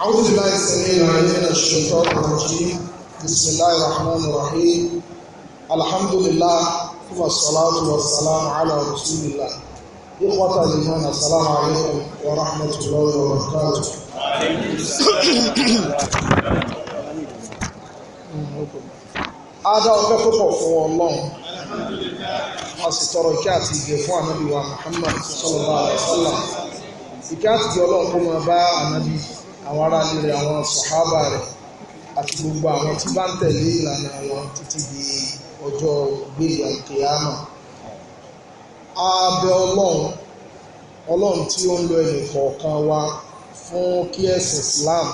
أعوذ بالله السميع العليم من الشيطان الرجيم بسم الله الرحمن الرحيم الحمد لله والصلاة والسلام على رسول الله إخوة الإيمان السلام عليكم ورحمة الله وبركاته Adá ọpẹ́ púpọ̀ fún Ọlọ́run. A sì tọrọ ìkẹ́ àti ìgẹ̀ fún ànábì wa Muhammad sallallahu ìkẹ́ àtìkí ọlọ́run kó máa bá ànábì àwọn ará ilé rẹ̀ àwọn sàhábà rẹ̀ àti gbogbo àwọn tí bá ń tẹ̀lé ìlànà wọn títí di ọjọ́ gbélé àkèyàmà a bẹ̀ ọlọ́run ọlọ́run tí ó ń lo ẹnì kọ̀ọ̀kan wa fún kí ẹ̀sìn Islam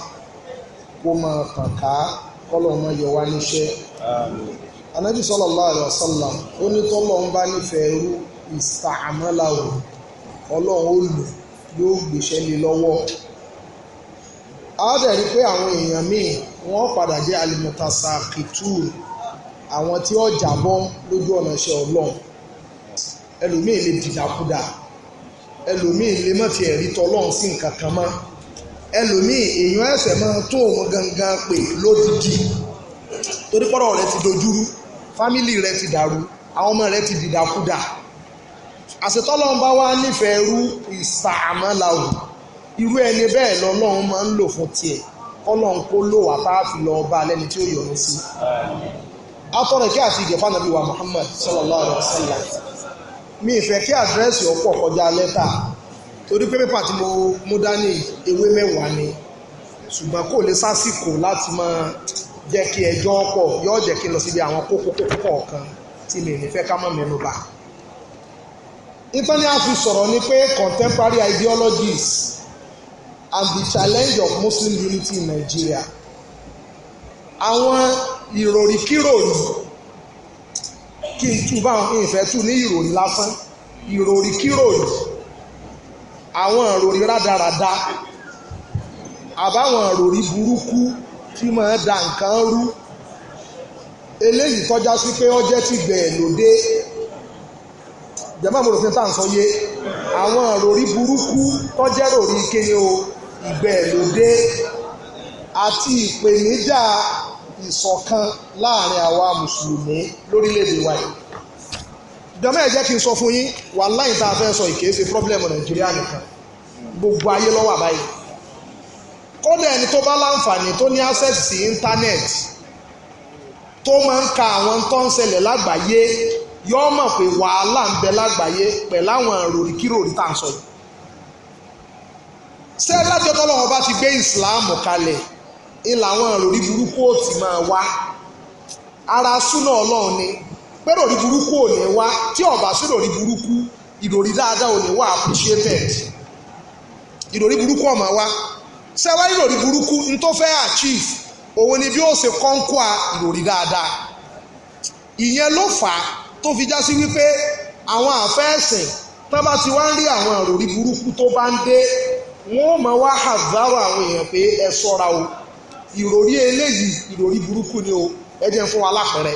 kó máa tàn ká kọ́lọ́run máa yọ wá níṣẹ́ anabi sallallahu alaihi wasallam ó ní tọ́lọ́run bá nífẹ̀ẹ́ irú ìsàmọ́láwò ọlọ́run ó lò ó yóò gbéṣẹ́ lé lọ́wọ́ àádẹ́rí pé àwọn èèyàn míì wọ́n padà jẹ́ alimọ̀tàṣà kìtù àwọn tí ó jábọ́ lójú ọ̀nà iṣẹ́ ọlọ́run ẹlòmíì lè dìdàkudà ẹlòmíì lè má fi ẹ̀rí tọ́lọ́run sí nǹkan kan mọ́ ẹlòmíì èèyàn ẹ̀sẹ̀ máa tó òun gangan pè lódìdí torí pọ́rọ̀ rẹ ti dojúrú fámìlì rẹ ti dàrú àwọn ọmọ rẹ ti dìdàkudà àṣetọ́lọ́run wa wá nífẹ̀ẹ́ rú irú ẹni bẹ́ẹ̀ lọ́lọ́run máa ń lò fún tiẹ̀ kọ́lọ́run kó lò wá bá fi lọ bá lẹ́ni tí ó yọ̀rọ̀ sí. atọ́rẹ̀ kí Muhammad sallallahu mi ìfẹ́ kí àdírẹ́sì ọ̀pọ̀ kọjá lẹ́tà torí pé pépà tí mo mú dání ewé ni ṣùgbọ́n kò lè sásìkò láti máa jẹ́ kí ẹjọ́ pọ̀ lọ síbi àwọn kọ̀ọ̀kan tí mi Even as we fi sọ̀rọ̀ ni pé contemporary ideologies and the challenge of Muslim unity in Nigeria àwọn ìròríkìròrí kí n tún bá ìfẹ́ tún ní ìròrí lásán ìròríkìròrí àwọn ìròrí rádaràda àbáwọn ìròrí burúkú tí máa da nǹkan rú eléyìí tọ́já sí pé ó jẹ́ ti bẹ̀ẹ̀ lóde jẹ́mọ́ mo rò fún táà ń sọ yé àwọn òròrí burúkú tọ́jẹ́ ròrí kéde o ìgbẹ́ lóde àti ìpèníjà ìṣọ̀kan láàrin àwa mùsùlùmí lórílẹ̀‐èdè wa yìí jọmọ ẹ jẹ́ kí n sọ fún yín wàláhì tá a fẹ́ sọ ìkéé ṣe pọ́blẹ́mù nàìjíríà nìkan gbogbo ayé ló wà báyìí ẹni tó bá láǹfààní tó ní access sí íńtánẹ́ẹ̀tì tó máa ń ka àwọn tó ń ṣẹlẹ̀ lágbàáyé yóò mọ̀ pé wàhálà ń bẹ lágbàáyé pẹ̀lú àwọn ròríkìròrí tá à ń sọ yìí. ṣé lájọ́ tọ́lọ́wọ́n bá ti gbé ìsìláàmù kalẹ̀ ń làwọn ròrí burúkú ò ti máa wá ara súnà ọlọ́run ni pé ròrí burúkú ò ní wá tí ọ̀bà sí ròrí burúkú ìròrí dáadáa ò ní wá appreciated ìròrí burúkú ò wá ṣé wá ìròrí burúkú n tó fẹ́ achieve òun ni bí ó ṣe kọ́ńkọ́ ìròrí dáadáa ìyẹn ló fà á tó fi já sí wípé àwọn àfẹ́ẹ̀sìn tó bá ti wá ń rí àwọn àròrí burúkú tó bá ń dé wọn ò mọ wá àzárò àwọn èèyàn pé ẹ ṣọ́ra o ìròrí eléyìí ìròrí burúkú ni o ẹ jẹ́ fún wa lápẹẹrẹ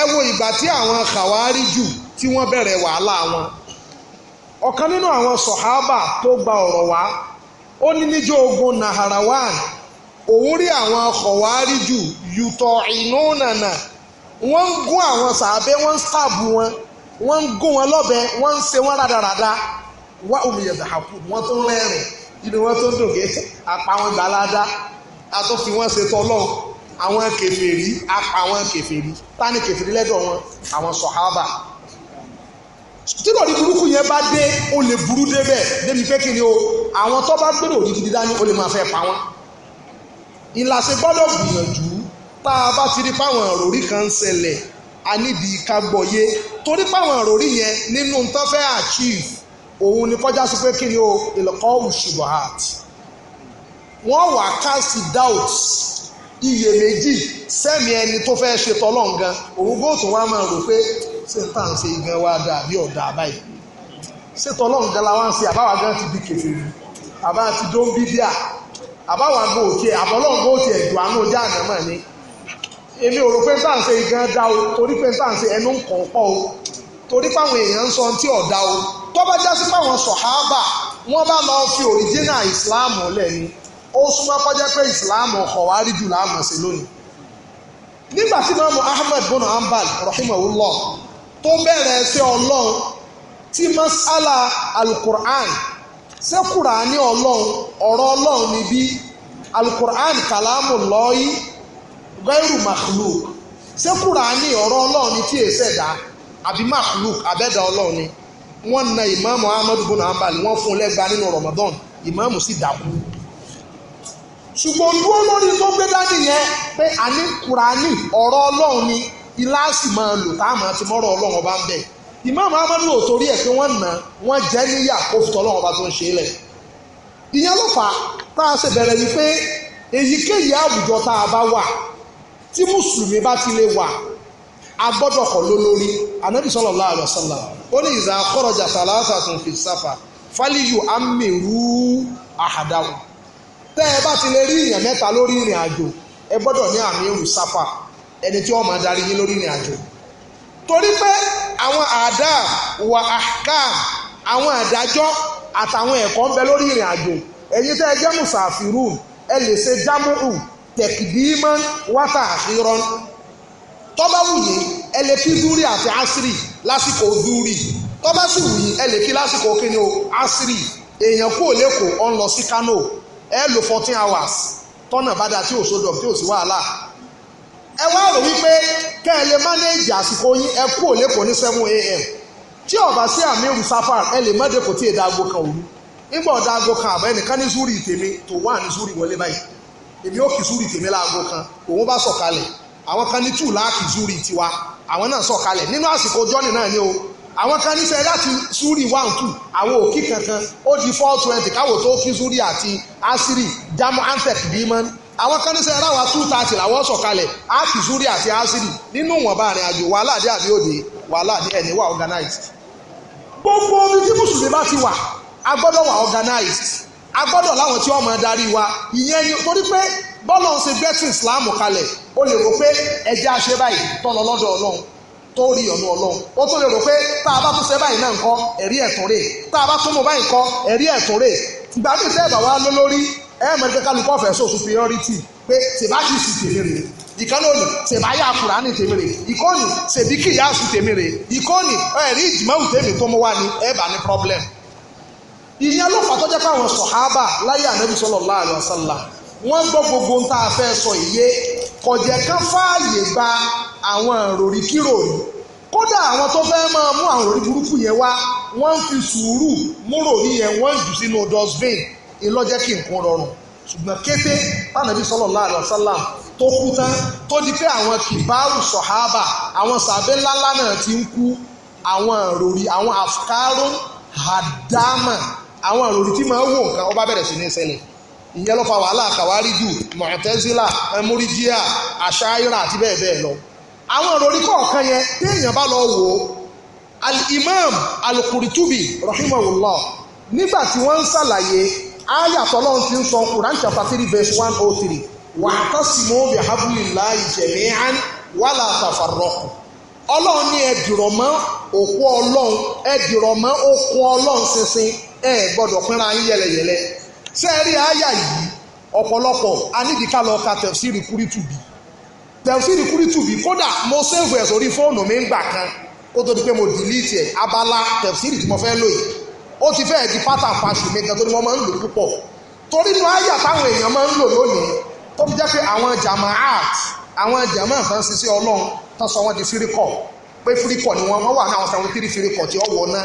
ẹ wo ìgbà tí àwọn kàwárí jù tí wọ́n bẹ̀rẹ̀ wàhálà wọn ọ̀kan nínú àwọn sọ̀hábà tó gba ọ̀rọ̀ wá ó ní níjọ́ ogun naharawan òun rí àwọn kọ̀wárí jù yùtọ̀ ìnúnànà wọ́n ń gún àwọn sàábẹ́ wọ́n ń sáàbù wọn wọ́n ń gún wọn lọ́bẹ wọ́n ń ṣe wọ́n rádaràda wá omi yẹ̀dà àpò wọ́n tó rẹ́rìn inú wọn tó dògé apá wọn gbalada atọ́fi wọn ṣe tọ́lọ́ àwọn kèfèrí apá wọn kèfèrí tani kèfèrí lẹ́dọ̀ wọn àwọn sọ̀hábà tíròrí burúkú yẹn bá dé ó lè burú débẹ̀ débi pé kí ni o àwọn tó bá gbèrò òdìdí dání ó lè máa fẹ́ pa wọn ìlàsẹ̀ gbọ́dọ̀ gbìyànjú tá a bá ti rí páwọn àròrí kan ń ṣẹlẹ̀ a níbi ìkagbọ̀yé torí páwọn àròrí yẹn nínú tó fẹ́ achieve òun ni kọjá sí pé kí ni o ìlọ́kọ́ òṣùbọ̀hát wọ́n wà cast doubts iyèméjì sẹ́mi ẹni tó fẹ́ ṣe tọ́lọ́n gan òun góòtù wa máa rò pé ṣé n tàn ṣe gan wa dà bí ọ̀dà báyìí ṣé tọ́lọ́n gan la wá ń ṣe àbáwá gan ti di kèfèrí àbá ti dó ń àbáwá gan òkè àbọ̀lọ́n ẹ̀dùn àánú jáàmù mọ̀ ni. èmi ò rò pé sáǹsẹ̀ tori dá o torí pé ẹnu ń kàn o torí páwọn èèyàn ń sọ tí ọ̀dá o bá já sí wọ́n bá lọ fi òrìjínà ìsìláàmù lẹ̀ ni ó súnmọ́ kọjá pé ìsìláàmù ọ̀wárí jù láàmù sí Ahmed bono ambal rahimahullah tó bẹ̀rẹ̀ ọlọ́run tí masala alukur'an ọlọ́run ọ̀rọ̀ ọlọ́run níbí alukur'an kàlámù gairu makhluk ṣé kúránì ọ̀rọ̀ ọlọ́run ni tí èsẹ̀ dá àbí makhluk abẹ́dà ọlọ́run ni wọ́n na ìmáàmù ahmadu bùnà ambali wọ́n fún un lẹ́gba nínú ramadan ìmáàmù sì dákú ṣùgbọ́n dúró lórí tó gbé dání yẹn pé àní kúránì ọ̀rọ̀ ọlọ́run ni ilá sì máa lò tá a máa ti mọ́rọ̀ ọlọ́run ọba ń bẹ̀ ìmáàmù ahmadu ò torí ẹ̀ pé wọ́n na wọ́n jẹ́ níyà kó fi tọ́lọ́run ọba tó ń ṣe é lẹ̀ ìyẹn ló fà tá a ṣe bẹ̀rẹ̀ yìí pé èyíkéyìí àwùjọ tá a bá wà tí mùsùlùmí bá ti lè wà a gbọ́dọ̀ kọ̀ lólórí anabi sallallahu alaihi wasallam ó ní ìzà kọ́rọ̀jà sàlásà tún fi sáfà fáliyù amírú àhàdáwò tẹ́ ẹ bá ti lè rí ìyàn mẹ́ta lórí ìrìn àjò ẹ gbọ́dọ̀ ní àmírù sáfà ẹni tí wọ́n máa darí yín lórí ìrìn àjò torí pé àwọn àdá wà àká àwọn àdájọ́ àtàwọn ẹ̀kọ́ ń bẹ lórí ìrìn àjò ẹ̀yin tẹ́ ẹ jẹ́ mùsàfírù ẹ lè ṣe jámùrù tẹ̀kìdìímọ́ wátà àfihàn tọ́ba wùyé ẹ lè fi dúrí àti asiri lásìkò dúrí tọ́ba sì wùyé ẹ lè fi lásìkò kíni o asiri èèyàn kò lẹ́kọ̀ọ́ ọ̀n lọ sí Kano ẹ lò fourteen hours tọ́nà bá da tí ò sódò tí ò sí wàhálà ẹ wá rò wípé kẹ́ ẹ lè mánéèjì àsìkò yín ẹ kò lẹ́kọ̀ọ́ ní seven a.m. tí ọ̀bà sí àmì ìrùsáfà ẹ lè mọ́dẹ̀kọ̀ tí èdè aago kan òru nígbà ọ̀dà aago kan àbẹ́ nìkan ní zúrì tèmi tó wà ní zúrì wọlé báyìí èmi ò kì zúrì tèmi láago kan òun bá sọ̀kalẹ̀ àwọn kan ní tù láàkì zúrì tiwa àwọn náà sọ̀kalẹ̀ nínú àsìkò jọ́nì náà ni o àwọn kan níṣẹ́ láti zúrì one two àwọn òkì kankan ó di four twenty káwò tó kí zúrì àti asiri jamu antec bímọ àwọn kan níṣẹ́ ráwa two thirty làwọn sọ̀kalẹ̀ áàkì zúrì àti asiri nínú wọn bá àrìn àjò wàhálà dé àbí òde wàhálà ní ẹni wà organized gbogbo omi tí mùsùlùmí bá ti wà a gbọ́dọ̀ wà organized a gbọ́dọ̀ láwọn tí wọ́n máa darí wa ìyẹn ni torí pé bọ́lọ̀ ń ṣe bẹ́tìn Islam kalẹ̀ ó lè rò pé ẹja ṣe báyìí tọ́lọ lọ́dọ̀ Ọlọ́run tó rí ọ̀nà Ọlọ́run ó tún lè rò pé tá a bá tún ṣe báyìí náà ń kọ́ ẹ̀rí ẹ̀tún rè tá a bá tún mú báyìí kọ́ ẹ̀rí ẹ̀tún rè ìgbà tí tẹ́ ẹ̀bà wa ló lórí ẹ̀ẹ́mọ̀ ẹ̀ka kálukọ́ fẹ́ sọ superiority pé tèbá kì í sì tèmi rè ìkánlónì tèbá yà kúrà ní tèmi rè ìkónì tèbí kì í yà sùn tèmi rè ìkónì ẹ̀rí ìjìmọ̀wù tèmi tó mú wá ní ẹ̀bà ní problem ìyẹn ló fà tó jẹ́ káwọn sọ̀hábà láyé ànábì sallallahu alaihi wasallam wọ́n gbọ́ gbogbo ń tá a fẹ́ sọ ìyé kọ̀jẹ̀ kan fààyè gba àwọn ìròrí kíròrí kódà àwọn tó fẹ́ máa mú àwọn ìròrí burúkú yẹn wá wọ́n ń fi sùúrù múrò yíyẹn wọ́n jù sínú dustbin ìlọ́jẹ́ kí nǹkan rọrùn ṣùgbọ́n kété tánàbí sallallahu alaihi wasallam tó kú tán tó di pé àwọn kìbáàrù sọ̀hábà àwọn sàbẹ́ ńláńlá náà ti ń kú àwọn ìròrí àwọn àfikárò àdámà àwọn àròrí tí máa ń wò nǹkan ọba bẹ̀rẹ̀ sí ní ṣẹlẹ̀ ìyẹn ló fa wàhálà kàwárídù mọ̀tẹ́sílà múrídíà àṣáírà àti bẹ́ẹ̀ bẹ́ẹ̀ lọ àwọn àròrí kọ̀ọ̀kan yẹn téèyàn bá lọ wò ó al-imam al-Qurtubi rahimahullah nígbà tí wọ́n ń ṣàlàyé ayàtọ̀ lọ́n ti ń sọ Quran chapter three verse one oh three wa'tasimu bihablillahi jami'an wala tafarraqu ọlọ́run ní ẹ̀dùrọ̀ òkú ọlọ́run ẹ̀dùrọ̀ mọ́ ọlọ́run ṣinṣin ẹ gbọ́dọ̀ pínra yín yẹlẹyẹlẹ sẹ́ẹ̀rí àyà yìí ọ̀pọ̀lọpọ̀ anídìíká lọ ka tẹ̀síìrì kúrítùbì tẹ̀síìrì kúrítùbì kódà mo sèvù ẹ̀ sórí fóònù mi ń gbà kan kó tó di pé mo dìlítì ẹ̀ abala tẹ̀síìrì tí mo fẹ́ lò yìí ó ti fẹ́ẹ̀ di pátá fàṣù mi gan tó ní wọ́n máa ń lò púpọ̀ torí inú àyà táwọn èèyàn máa ń lò lónìí tó fi jẹ́ pé àwọn jàmá art àwọn jàmá nǹkan ṣiṣẹ́ ọlọ́run tán sọ wọ́n di fíríkọ̀ pé fíríkọ̀ ni wọ́n wọ́n wà ní àwọn seventy three fíríkọ̀ tí ọ wọ̀ náà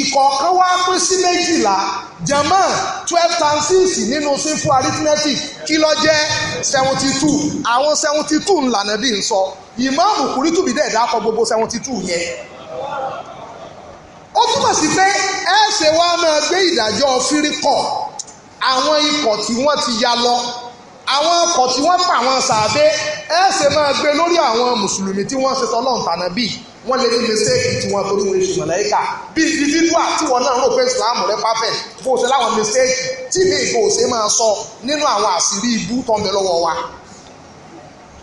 ìkọ̀ọ̀kan wá pín sí méjìlá jẹ̀mọ́ twelve times six nínú simple arithmetic kí ló jẹ́ seventy two àwọn seventy two ńlànà bí n sọ ìmáàmù kùrìtùbí dẹ̀ dákọ̀ gbogbo seventy two yẹn. ó túmọ̀ sí pé ẹ ṣe wá máa gbé ìdájọ́ fíríkọ̀ àwọn ikọ̀ tí wọ́n ti ya lọ àwọn ọkọ̀ tí wọ́n pa àwọn sàbẹ̀ ẹ ṣe máa gbé lórí àwọn mùsùlùmí tí wọ́n ṣe tọ́lọ́ǹtànà bíi wọ́n lè ní mistake tí wọ́n torí wọn èṣù mọ̀lẹ́kà bí individual tí wọ́n náà rò pé islam rẹ perfect bó o ṣe láwọn mistake tí mi ìbò ṣe máa sọ nínú àwọn àṣírí ibú tó ń bẹ lọ́wọ́ wa.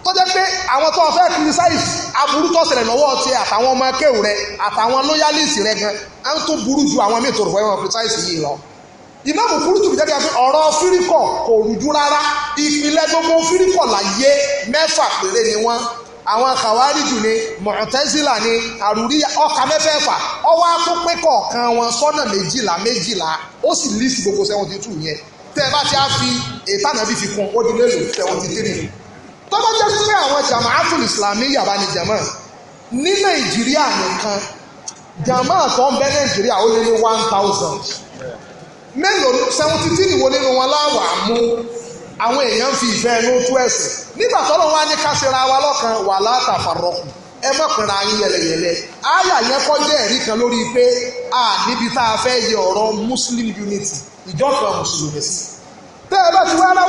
tó jẹ́ pé àwọn tó fẹ́ criticize aburú tó ṣẹlẹ̀ lọ́wọ́ ti àtàwọn ọmọ akéwù rẹ àtàwọn loyalist rẹ gan á ń tó burú ju àwọn míì tó rò fọwọ́ criticize yìí lọ. ìmáàmù kúrútù jẹ́ pé ọ̀rọ̀ fíríkọ̀ kò rújú rárá ìpìlẹ̀ gbogbo fíríkọ̀ láyé mẹ́fà péré ni wọ́n àwọn kàwáríjù ni mọ̀tẹ́sílà ni àrùrí ọkà mẹ́fẹ̀ẹ̀fà ọwọ́ àtúnpẹ́ kọ̀ọ̀kan wọn sọ́nà méjìlá méjìlá ó sì lì sí gbogbo seventy two yẹn tẹ́ ẹ bá ti á fi ètànà bí fi kún ó di mélòó seventy three tọ́gbọ́n jẹ́ pé àwọn jama atul islami yaba ni jama ní nàìjíríà nìkan jama tó ń bẹ nàìjíríà ó lé ní one thousand mélòó seventy three wo nínú wọn láwàá mú àwọn èèyàn fi ìfẹ́ ẹnu tú ẹ̀sìn nígbà tọ́lọ́ wa ní ká ṣera wa lọ́kan wà látàfàrọ̀kù ẹ mọ̀kànra yín yẹlẹyẹlẹ àyà yẹn kọ́ jẹ́ ẹ̀rí kan lórí pé a níbi tá a fẹ́ yẹ ọ̀rọ̀ Muslim unity ìjọ kan mùsùlùmí sí tẹ́ ẹ bá ti wá kan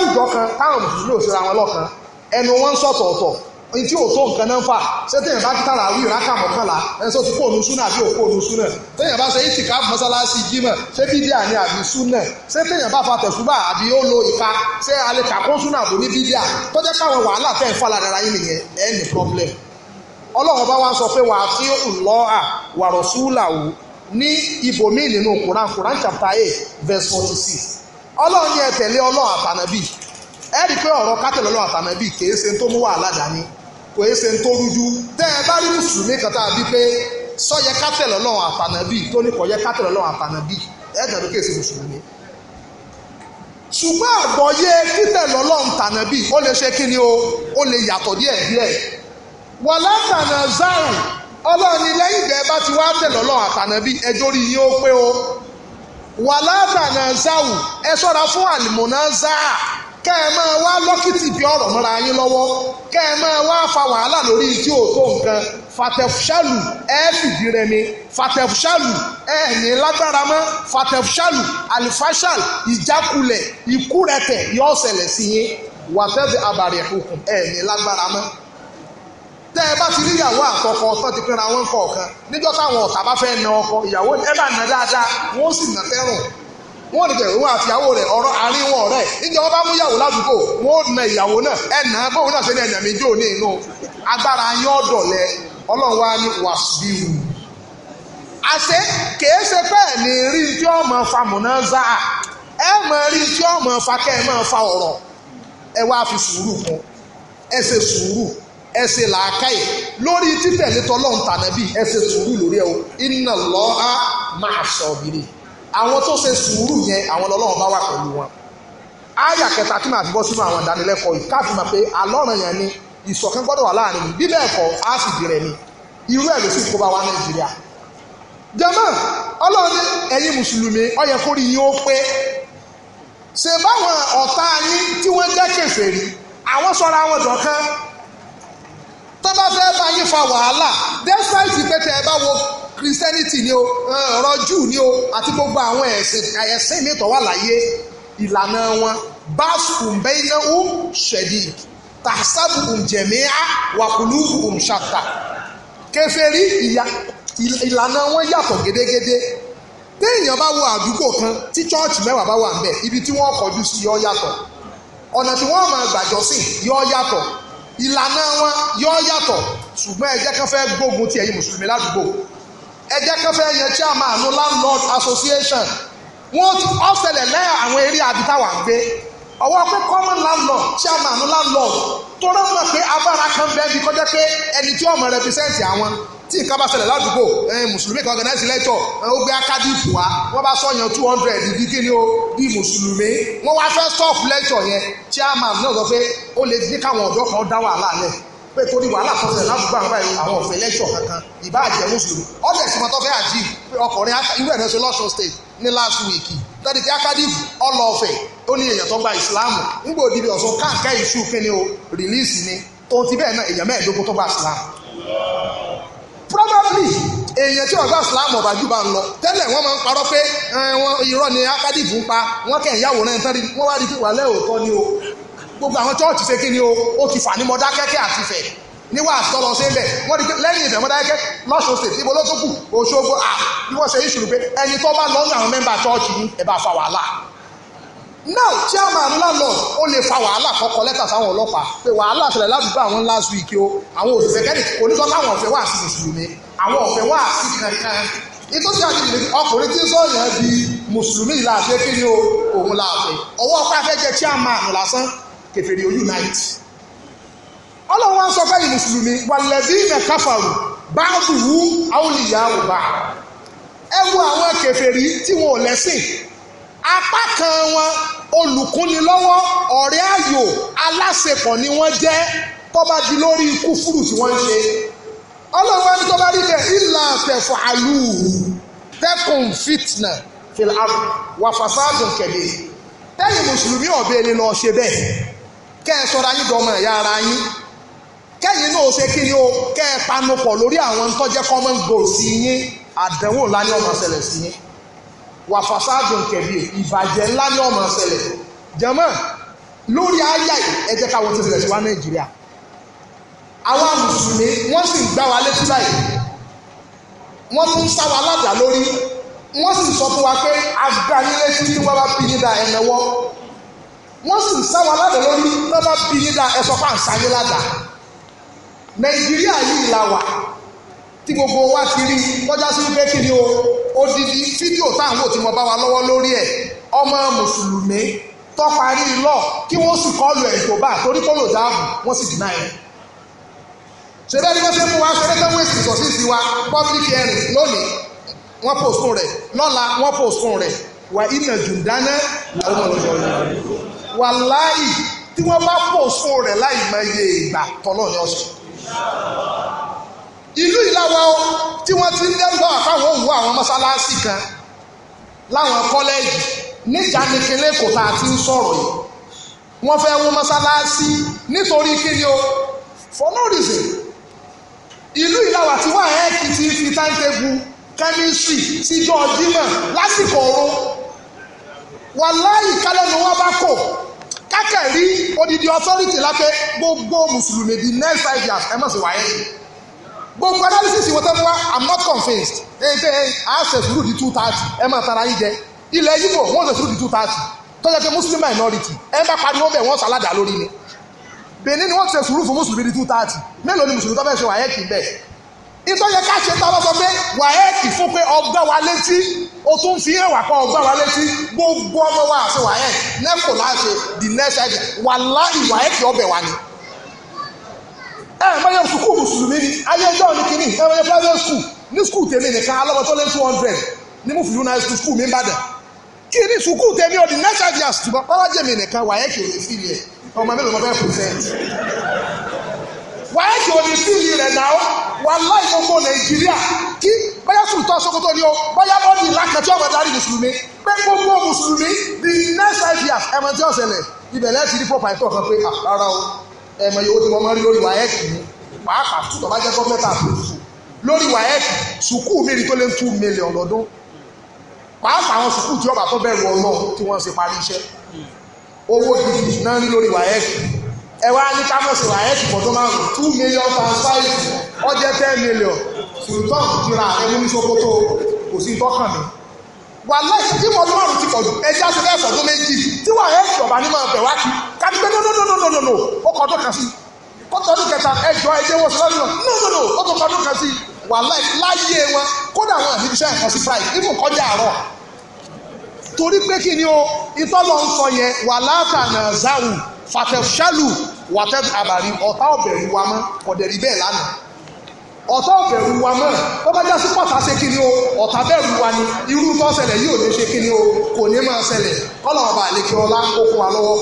táwọn mùsùlùmí tí ò tó nǹkan náà fà ṣé téèyàn bá tààrà wí ìrákà mọ̀kànlá ẹni tó ti kó àbí òkú òun téèyàn bá ṣe ìtìká mọ́sálásí jímọ̀ ṣé bá fa tẹ̀sùbà àbí ó lo ìka ṣé alẹ́ kàkó àbò ní bídíà tó jẹ́ káwọn wàhálà tẹ̀ ń yín nìyẹn ẹ̀ ní problem ọlọ́run bá sọ pé wàá fi wàrọ̀ ní pé ọ̀rọ̀ ṣe tó mú kò se ṣe ń tó rújú tẹ́ ẹ bá rí mùsùlùmí kan tá a bí pé sọ́yẹ kátẹ̀lọ́ lọ́wọ́ àtànàbí tó ní kọ̀yẹ kátẹ̀lọ́ lọ́wọ́ àtànàbí ẹ̀ dàbí kò é mùsùlùmí. ṣùgbọ́n àgbọ̀yé títẹ̀lọ́ lọ́wọ́ tànàbí ó lè ṣe kí ni o ó lè yàtọ̀ díẹ̀ díẹ̀. wà látànà záàrùn ọlọ́ọ̀ni lẹ́yìn ìgbà bá ti wá tẹ̀lọ́ lọ́wọ́ àtànàbí ẹjọ́ yín ó pé o wà látànà záàrùn ẹ ṣọ́ra fún àlìmọ̀nà záà kẹ́ ẹ máa wá lọ́kìtì bí ọ̀rọ̀ mọ́ra yín lọ́wọ́ kẹ́ ẹ máa wá fa wàhálà lórí tí ò tó nǹkan fatẹfṣálù ẹ fìdí rẹmi fatẹfṣálù ẹ ní lágbára mọ́ fatẹfṣálù alifashal ìjákulẹ̀ ìkúrẹ̀tẹ̀ yóò ṣẹlẹ̀ sí yín wàtẹ́fì abàrẹ̀ òkun ẹ ní lágbára mọ́ tẹ́ ẹ bá ti rí ìyàwó àtọkọ tán ti pinra wọn kọ̀ọ̀kan níjọ́ táwọn ọ̀tá bá fẹ́ na ọkọ ìyàwó ẹ bá na dáadáa wọ́n sì nà fẹ́ràn wọ́n ní kẹ́ òun àtìyàwó rẹ̀ ọ̀rọ̀ àárín wọn ọ̀rẹ́ ìjọ wọn bá mú yàwó ládùúgbò wọn ò na ìyàwó náà ẹ̀nà bóun náà ṣe ní ẹ̀nà mi jó ní inú agbára yín ọ̀dọ̀ lẹ ọlọ́run wá ní wàsíù. àṣé kìí ṣe bẹ́ẹ̀ ni rí tí ó mọ̀ fa mọ̀nà zá ẹ mọ̀ rí tí ó mọ̀ fa kẹ́ ẹ mọ̀ fa ọ̀rọ̀ ẹ wá fi sùúrù kún ẹ ṣe sùúrù ẹ ṣe làákàyè lórí títẹ̀lé tọ́lọ́ntànàbí ẹ ṣe sùúrù lórí ẹ o àwọn tó ṣe sùúrù yẹn àwọn lọ́lọ́run bá wà pẹ̀lú wọn àyà kẹta tí màá fi bọ́ sínú àwọn ìdánilẹ́kọ̀ọ́ yìí káàfin mà pé àlọ́ràn yẹn ni ìṣọ̀kan gbọ́dọ̀ wà láàrin mi bíbẹ̀ ẹ̀kọ́ á sì di rẹ̀ mi irú ẹ̀ ló sì kó bá wa Nàìjíríà jàmá ọlọ́run ẹ̀yin mùsùlùmí ó yẹ kó rí yín ó pé ṣe báwọn ọ̀tá yín tí wọ́n jẹ́ kèfèrí àwọn sọra wọn dọ̀kan tó bá fẹ́ bá yín fa wàhálà despite pé ẹ bá wo christianity ni o eh, ọ̀rọ̀ júù ni o àti gbogbo àwọn ẹ̀sìn ẹ̀sìn mi tó wà láyé ìlànà wọn báṣù bẹ́ẹ̀náwó ṣẹ̀dí tàṣàbù jẹ̀míà wàkùlù ṣàtà kèfèrí ìlànà wọn yàtọ̀ gédégédé téèyàn bá wo àdúgbò kan tí chọ́ọ̀chì mẹ́wàá bá wà ń bẹ̀ ibi tí wọ́n kọjú sí yọ yàtọ̀ ọ̀nà tí wọ́n máa gbàjọ́ sí yọ yàtọ̀ ìlànà wọn yọ yàtọ̀ ṣùgbọ́n ẹ jẹ́ kán fẹ́ gbógun ti ẹ̀yin mùsùlùmí ládùúgbò ẹ jẹ́ kán chairman no landlord association wọ́n ti ọ̀sẹ̀lẹ̀ lẹ́yìn àwọn eré àbítàwà gbé ọwọ́ pé common landlord chairman no landlord tó rọ́pọ̀ pé abára kan bẹ́ẹ̀ bí kọjá pé ẹni tí ọmọ represent àwọn tí nǹkan bá ṣẹlẹ̀ ládùúgbò eh, mùsùlùmí kan organize lecture eh, ó gbé akadìpù wa wọ́n bá sọ̀yàn two hundred bí kíni o bí mùsùlùmí wọ́n wá fẹ́ stop lecture yẹn chairman náà sọ pé ó lè dín káwọn ọ̀dọ́ kan dá wàhálà lẹ̀ pé torí wàhálà sọsẹ lásùgbà ń báyìí àwọn ọ̀fẹ́ lẹ́ṣọ̀ kankan ìbá àjẹ́ mùsùlùmí ọ̀sẹ̀ sì mọ́tọ́ fẹ́ àjí ọkùnrin irú ẹ̀rọ ṣe lọ́ṣọ̀ state ní last week tọ́dí tí akadif ọlọ ọ̀fẹ́ ó ní èèyàn tó gba ìsìláàmù nígbà òdìbí ọ̀sán káàkẹ́ ìṣú kíni o release ni tòun ti bẹ́ẹ̀ náà èèyàn mẹ́ẹ̀ẹ́dógún tó gba ìsìláàmù. probably èèyàn tí ọgbà ìsìláàmù ọba jù bá ń lọ tẹ́lẹ̀ wọ́n máa ń parọ́ pé irọ́ ni akadif ń pa wọ́n kẹ́ ìyàwó náà ń tán wọ́n wá rí pé wàlẹ́ òótọ́ ni o gbogbo àwọn chọ́ọ̀tì ṣe kí ni o ó ti fà ní Mọdákẹ́kẹ́ àti Ifẹ̀ ní wàá tọ́ lọ sí ń bẹ̀ wọ́n di pé lẹ́yìn Ifẹ̀ Mọdákẹ́kẹ́ lọ́sùn state ibo ló tó kù Òṣogbo à bí wọ́n ṣe ìṣòro pé ẹni tó bá lọ́nà àwọn mẹ́mbà chọ́ọ̀tì ní ẹ̀ bá fa wàhálà now chairman landlord ó lè fa wàhálà kọ́kọ́ lẹ́tà sáwọn ọlọ́pàá pé wàhálà ṣẹlẹ̀ ládùúgbò àwọn last week o àwọn òṣìṣẹ́ kẹ́ni oníṣọ́ táwọn ọ̀fẹ́ wà sí mùsùlùmí àwọn ọ̀fẹ́ wà sí kankan ìtọ́jú àjèjì ọkùnrin tí ń sọ̀yàn di mùsùlùmí làṣẹ kí ni o òun làṣẹ ọwọ́ ọpá fẹ́ jẹ chairman lásán kèfèrí o unite ọlọ́run wa ń sọ fẹ́yìn mùsùlùmí wàlẹ́bí nà káfàrù báàbù wú àwòlìyá òbá ẹ wo àwọn kèfèrí tí wọn ò lẹ́sìn apá kan wọn olùkúni lọ́wọ́ ọ̀rẹ́ ayò aláṣepọ̀ ni wọ́n jẹ́ tó bá di lórí kúfúrù tí wọ́n ń ṣe ọlọ́run ẹni tó bá rí bẹ́ẹ̀ ìlà àtẹ̀fọ̀ àlùhù tẹ́kùn fitna fìlà wàfàsádùn tẹ́yìn mùsùlùmí ọ̀bẹ ni lọ́ọ́ ṣe bẹ́ẹ̀ kẹ́ ẹ sọ́ra yín dọ́mọ ẹ̀yà ara yín kẹ́yìn náà ṣe kí ni o kẹ́ ẹ panupọ̀ lórí àwọn ń tọ́jẹ́ common goal sí yín àdánwò ńlá ní ọmọ ṣẹlẹ̀ sí yín wàfàṣáàdù nkẹ̀bí ìbàjẹ́ ńlá ní ọmọ ṣẹlẹ̀ jẹ́mọ́ lórí ayá ẹ jẹ́ káwọn ti ṣẹlẹ̀ sí wa Nàìjíríà àwọn mùsùlùmí wọ́n sì ń gbá wa létí báyìí wọ́n tún ń sá wa ládàá lórí wọ́n sì sọ fún wa pé agbánílétí tí wọ́n bá fi yín da wọ́n sì sáwọn aládàá lórí lọ́ba bí yín dá ẹ sọ pé à ń sáyé ládàá nàìjíríà yìí la wà tí gbogbo wa ti rí lọ́jà sí wípé kí ni o odidi fídíò táwọn ò ti mọ bá wa lọ́wọ́ lórí ẹ̀ ọmọ mùsùlùmí tó lọ kí wọ́n sì kọlu ẹ̀ bá torí kó lò dáàbò wọ́n sì dìnnà ẹ̀ ṣe ni wọ́n ṣe mú wa ṣe lẹ́tọ́ wẹ́sì ìsọ̀sí sí wa public hearing lónìí wọ́n postpone rẹ̀ lọ́la wọ́n postpone rẹ̀ wà ìnà jùdáná làwọn ọmọ ọ̀dọ́ wàláì tí wọ́n bá pò fún rẹ̀ láì mọ iye ìgbà tọ́lọ́ ní ọ̀sẹ̀. ìlú ìlàwọ̀ tí wọ́n ti ń dẹ́gbọ́ àfáwọn òwú àwọn mọ́sálásí kan láwọn kọ́lẹ́ẹ̀jì níjà ní kílẹ̀ kò tá a ti ń sọ̀rọ̀ yìí wọ́n fẹ́ wó mọ́sálásí nítorí kíni o for no reason ìlú ìlàwọ̀ àti wà ẹ́ẹ̀kì ti fi táǹtẹ́gù kẹ́mísírì síjọ́ ọdínmọ̀ lásìkò ọ̀run wàláì kálẹ̀ ni wọ́n bá kò kákẹ́rí odidi authority lápẹ́ gbogbo mùsùlùmí di next five years ẹ mọ̀ sí wáyé gbogbo analysis wọ́n tẹ́ fún wa i'm not convinced ẹ pé a ṣe sùúrù di two thirty ẹ máa tara yín jẹ ilẹ̀ yíbò wọ́n ṣe sùúrù di two thirty tọ́jà pé muslim minority ẹ bá pariwo bẹ̀ wọ́n sàládà lórí ni benin wọ́n ṣe sùúrù fún mùsùlùmí di two thirty mélòó ni mùsùlùmí tó fẹ́ ṣe wáyé kì í bẹ́ẹ̀ nítorí yẹ ká ṣe tá a bá sọ pé wàhẹ́ẹ̀kì fún pé ọgbà wa létí o tún fi hàn wá pé ọgbà wa létí gbogbo ọmọ wa àti wàhẹ́ẹ̀kì nẹ́kò láṣẹ the next time wà láì wàhẹ́ẹ̀kì ọbẹ̀ wa ni. ẹ ẹ mọyẹ sukùl mùsùlùmí ni ayé ẹjọ́ ní kínní ẹ mọyẹ private school ní school tèmi nìkan alọ́mọ tó lé two hundred ní mo fìlú náà school mi ń bàdàn kí ni sukùl tèmi o the next time yà ṣùgbọ́n pálájẹ̀mì nìkan wàhẹ́ẹ̀kì ò lè fi yẹ ọmọ mélòó ló fẹ́ pèsè wàhẹ́ẹ̀kì ò lè fi wàláì gbogbo nàìjíríà kí báyà sùtọ́ sokoto ni o báyà bọ́ọ̀dì lákàtí ọ̀gbà darí mùsùlùmí pé gbogbo mùsùlùmí the next five years ẹ̀mọ̀ tí ó ṣẹlẹ̀ ibẹ̀ lẹ́sìn ní pọ̀pá ìtọ́ kan pé ah, rárá o ẹ̀mọ̀ yòówó tí wọ́n máa rí lórí wáyẹ́ẹ̀kì ni pàápàá tó bá jẹ́ gọ́ọ̀mẹ́ntà àpòjù lórí wáyẹ́ẹ̀kì sùkúù mi rí tó lé two million lọ́dún pàápàá àwọn sùkúù tí ọba tó bẹ̀rù ọlọ́run tí wọ́n ṣe parí iṣẹ́ owó gidi náà rí lórí wáyẹ́ẹ̀kì ẹ̀wá ní kámọ́sì wà ẹ̀ ṣùgbọ́n tó máa ń two million times five ọjẹ́ ten million sultan jura ẹni ní sokoto ti pọ̀jù ẹjẹ́ aṣọ ẹ̀fọ́ tó méjì tí wà ẹ̀ ṣọ̀bà ní máa bẹ̀ wá kí kábí pé nọ́nọ́nọ́nọ́nọ́nọ́ ó kọ́ ọdún kan sí kẹta wọ́n ó kọ́ ọdún kan sí wà láyé wọn kódà wọn àti iṣẹ́ ẹ̀kọ́ fàtẹ̀ṣálù wàtẹ́ àbàrí ọ̀tá ọ̀bẹ̀rù wa mọ́ ọ̀dẹ̀rì bẹ́ẹ̀ lánàá ọ̀tá ọ̀bẹ̀rù wa mọ́ ó bá jásí pọ̀tà ṣe kí ni o ọ̀tá bẹ̀rù wa ni irú tó ṣẹlẹ̀ yìí ò ní ṣe kí ni o kò ní máa ṣẹlẹ̀ kọ́lọ̀ ọba àlekí ọlá ó fún wa lọ́wọ́.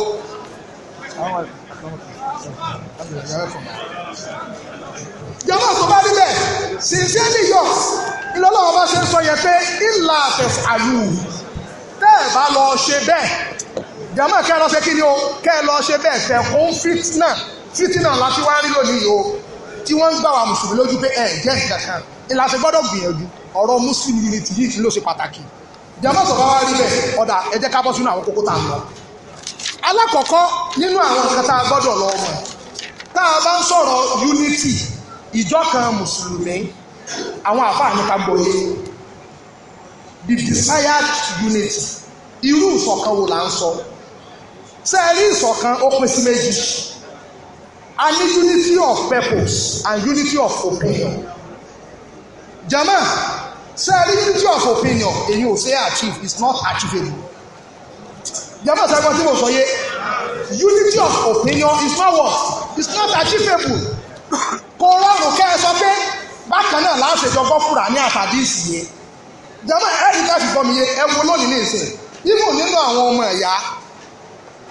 jọba tó bá níbẹ̀ sincerely yours ìlọ́lọ́wọ́ bá ṣe ń sọ yẹn pé ìlà àtẹ̀sàlù tẹ́ẹ̀ bá lọ ṣe bẹ́ẹ̀ jàmáà kẹ́ ẹ lọ ṣe kí ni o kẹ́ ẹ lọ ṣe bẹ́ẹ̀ fẹ́ kó fitna fitna láti wá rí lónìí o tí wọ́n ń gbà wá mùsùlùmí lójú pé ẹ jẹ́ ìkankan ìlàsẹ gbọ́dọ̀ gbìyànjú ọ̀rọ̀ mùsùlùmí unity yìí ló ṣe pàtàkì jàmáà sọ̀rọ̀ wá rí bẹ́ẹ̀ ọ̀dà ẹ jẹ́ ká bọ́ sínú àwọn kókó tá a lọ. alákọ̀ọ́kọ́ nínú àwọn nǹkan tá a gbọ́dọ̀ lọ mọ̀ tá a bá ń sọ̀rọ̀ unity ìjọ kan mùsùlùmí àwọn àfáà nípa gbòye the desired unity irú ìṣọ̀kan wo là ń sọ ṣe rí ìṣọ̀kan ó pín sí méjì a ní unity of purpose and unity of opinion jama ṣe rí unity of opinion èyí ò ṣe achieve it's not achievable jama sẹ́gbọ́n tí mo sọ yé unity of opinion is not what it's not achievable kò rọrùn kẹ́ ẹ sọ pé bákan náà láṣẹjọ gọ́fúra ní àtàdísì yẹn jama ẹ̀rí ká fi gbọ́ mi yé ẹ wo lónìí ní ìsìn ibùn nínú àwọn ọmọ ẹ̀yà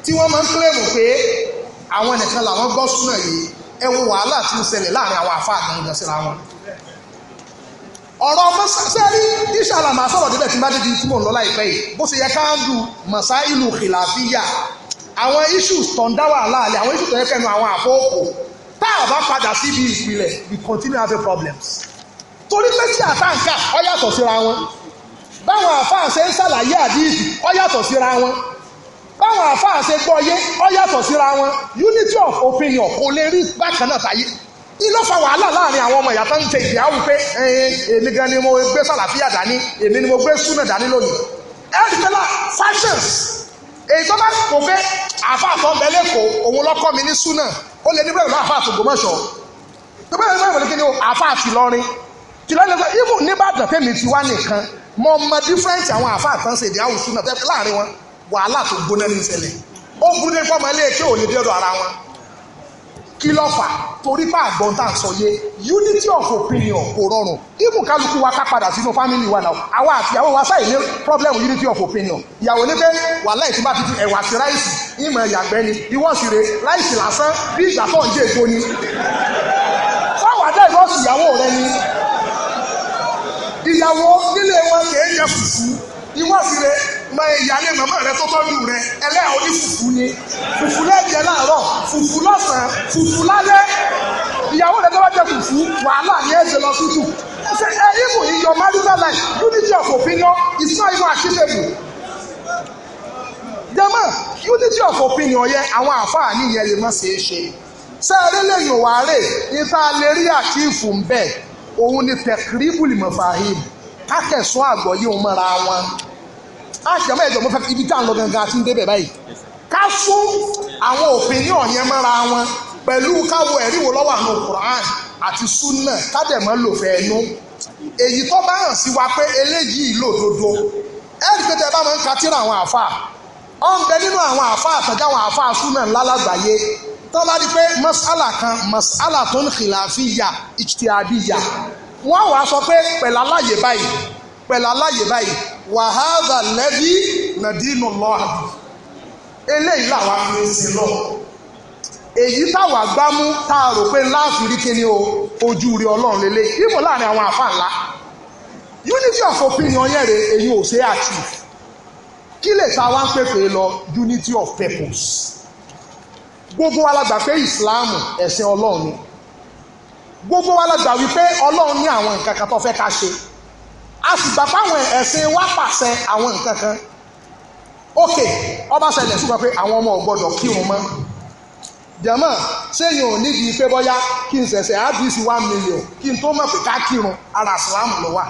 tí wọ́n máa ń kílẹ̀mù pé àwọn nìkan làwọn gbọ́ súnà yìí ẹ wo wàhálà tí ń ṣẹlẹ̀ láàrin àwọn àfa àgbọ̀ngàn síra wọn. ọ̀rọ̀ mọ́sáṣẹ́rí ìṣàlà máa sọ̀rọ̀ débẹ̀ tí bá dé di tí mò ń lọ láìpẹ́ yìí bó ṣe yẹ káàdù mọ̀sá ìlú kìláfíyà àwọn issues tó ń dá wàhálà àlẹ́ àwọn issues tó yẹ kẹ́nu àwọn àfọ́ọ̀kọ̀ tá a bá padà síbi ìpìlẹ̀ we continue having problems torí pé tí àtàǹkà ọ yàtọ̀ síra wọn báwọn àfa àṣẹ ń ṣàlàyé àdìsí ọ yàtọ̀ síra wọn báwọn àfáà ṣe gbọ́ yé ọ yàtọ̀ síra wọn unity of opinion kò lè rí bákan náà táyé ilé fa wàhálà láàrin àwọn ọmọ ìyá tó ń ṣe ìyàwó pé èmi gan ni mo gbé sàlàfíà dání èmi ni mo gbé súnà dání lónìí ẹ̀ẹ́dìtẹ́lá fashions èyí tó bá kò fẹ́ àfa àtọ̀ bẹ lẹ́kọ̀ọ́ òun lọ́kọ́ mi ní súnà ó lè ní bẹ́ẹ̀ lọ́ àfa àtògbòmọ̀ṣọ́ tó bẹ́ẹ̀ bẹ́ẹ̀ wọlé kí ni o àfa àfìlọrin tìlọ́lẹ̀ sọ ibù níbàdàn tẹ̀mí ti wá nìkan mọ̀ mọ̀ different àwọn àfa àtọ̀ ń ṣe ìdíyàwó súnà tẹ́ láàrin wọn wàhálà tó gbóná ní ìṣẹ̀lẹ̀ ó burú dé fọmọ ilé kí ò lè dẹ́rọ ara wọn kí ló fà torí pé àgbọn tá à ń sọ yé unity of opinion kò rọrùn ibù kálukú wa ká padà sínú family wa náà àwa àti ìyàwó wa sáì ní problem unity of opinion ìyàwó ní pé wàhálà ìtúbà títí ẹ̀wà sí ráìsì ìmọ̀ ìyàgbẹ́ ni ìwọ́sìrè ráìsì lásán bí ìgbà tó ń jẹ́ èso ni sáwà dá ìwọ́sì ìyàwó rẹ ni ìyàwó nílé wọn kì í yẹ fùfú ìwọ́sìrè mọ ìyáálé màmá rẹ tó tọ́jú rẹ ẹlẹ́yà oní fùfú ni fùfú lẹ́jẹ̀ láàárọ̀ fùfú lọ́sàn-án fùfú lálẹ́ ìyàwó rẹ tó bá jẹ fùfú wàhálà ni ẹ lọ tútù ṣe ẹ even in your marital unity of opinion is not even achievable jama unity of opinion yẹ àwọn lè má ṣeé ṣe sẹ́ẹ̀rẹ́ ní tá a lè rí àṣìyàmọ́ ẹ̀jọ̀ mo fẹ́ ibi tá à ń lọ gangan àti ń débẹ̀ báyìí ká fún àwọn opinion yẹn mọ́ra wọn pẹ̀lú káwo ẹ̀rí wo lọ́wọ́ àwọn Quran àti sunna kádẹ̀mọ́ lò fẹ́ ẹnu èyí tó bá hàn sí wa pé eléyìí lòdodo ẹ̀rí pé tẹ bá máa ń ka tíra àwọn àfa ọ̀ ń bẹ nínú àwọn àfa àtàjà àwọn àfa sunna ńlá lágbàáyé tó bá di pé mas'ala kan mas'ala tó ń khilafiyya ijtihadiyya wọ́n wàá sọ pé pẹ̀lú aláyè báyìí pẹ̀lú aláyè báyìí wàhálà lẹ́bí nàdínú lọ́wọ́ adị làwa fi ń lọ èyí táwa gbá táàrò pé láàfin rí kíni o ojú rí ọlọ́run láàrin àwọn àfa ńlá unity of opinion yẹn rè èyí ò ṣe achieve kí lè lọ unity of purpose gbogbo Islam ọlọrun gbogbo wípé ní àwọn nǹkan a sì gbà fáwọn ẹ̀sìn wa pàṣẹ àwọn nǹkan kan ok ọba ṣẹlẹ̀ ṣùgbọ́n pé àwọn ọmọ ò gbọ́dọ̀ kírun mọ́ jẹ̀mọ́ sẹ́yìn ò nídìí pé bọ́yá kí n ṣẹ̀ṣẹ̀ àdìsí one million kí n tó mọ̀ pé ká kírun ara àsìlámù ló wà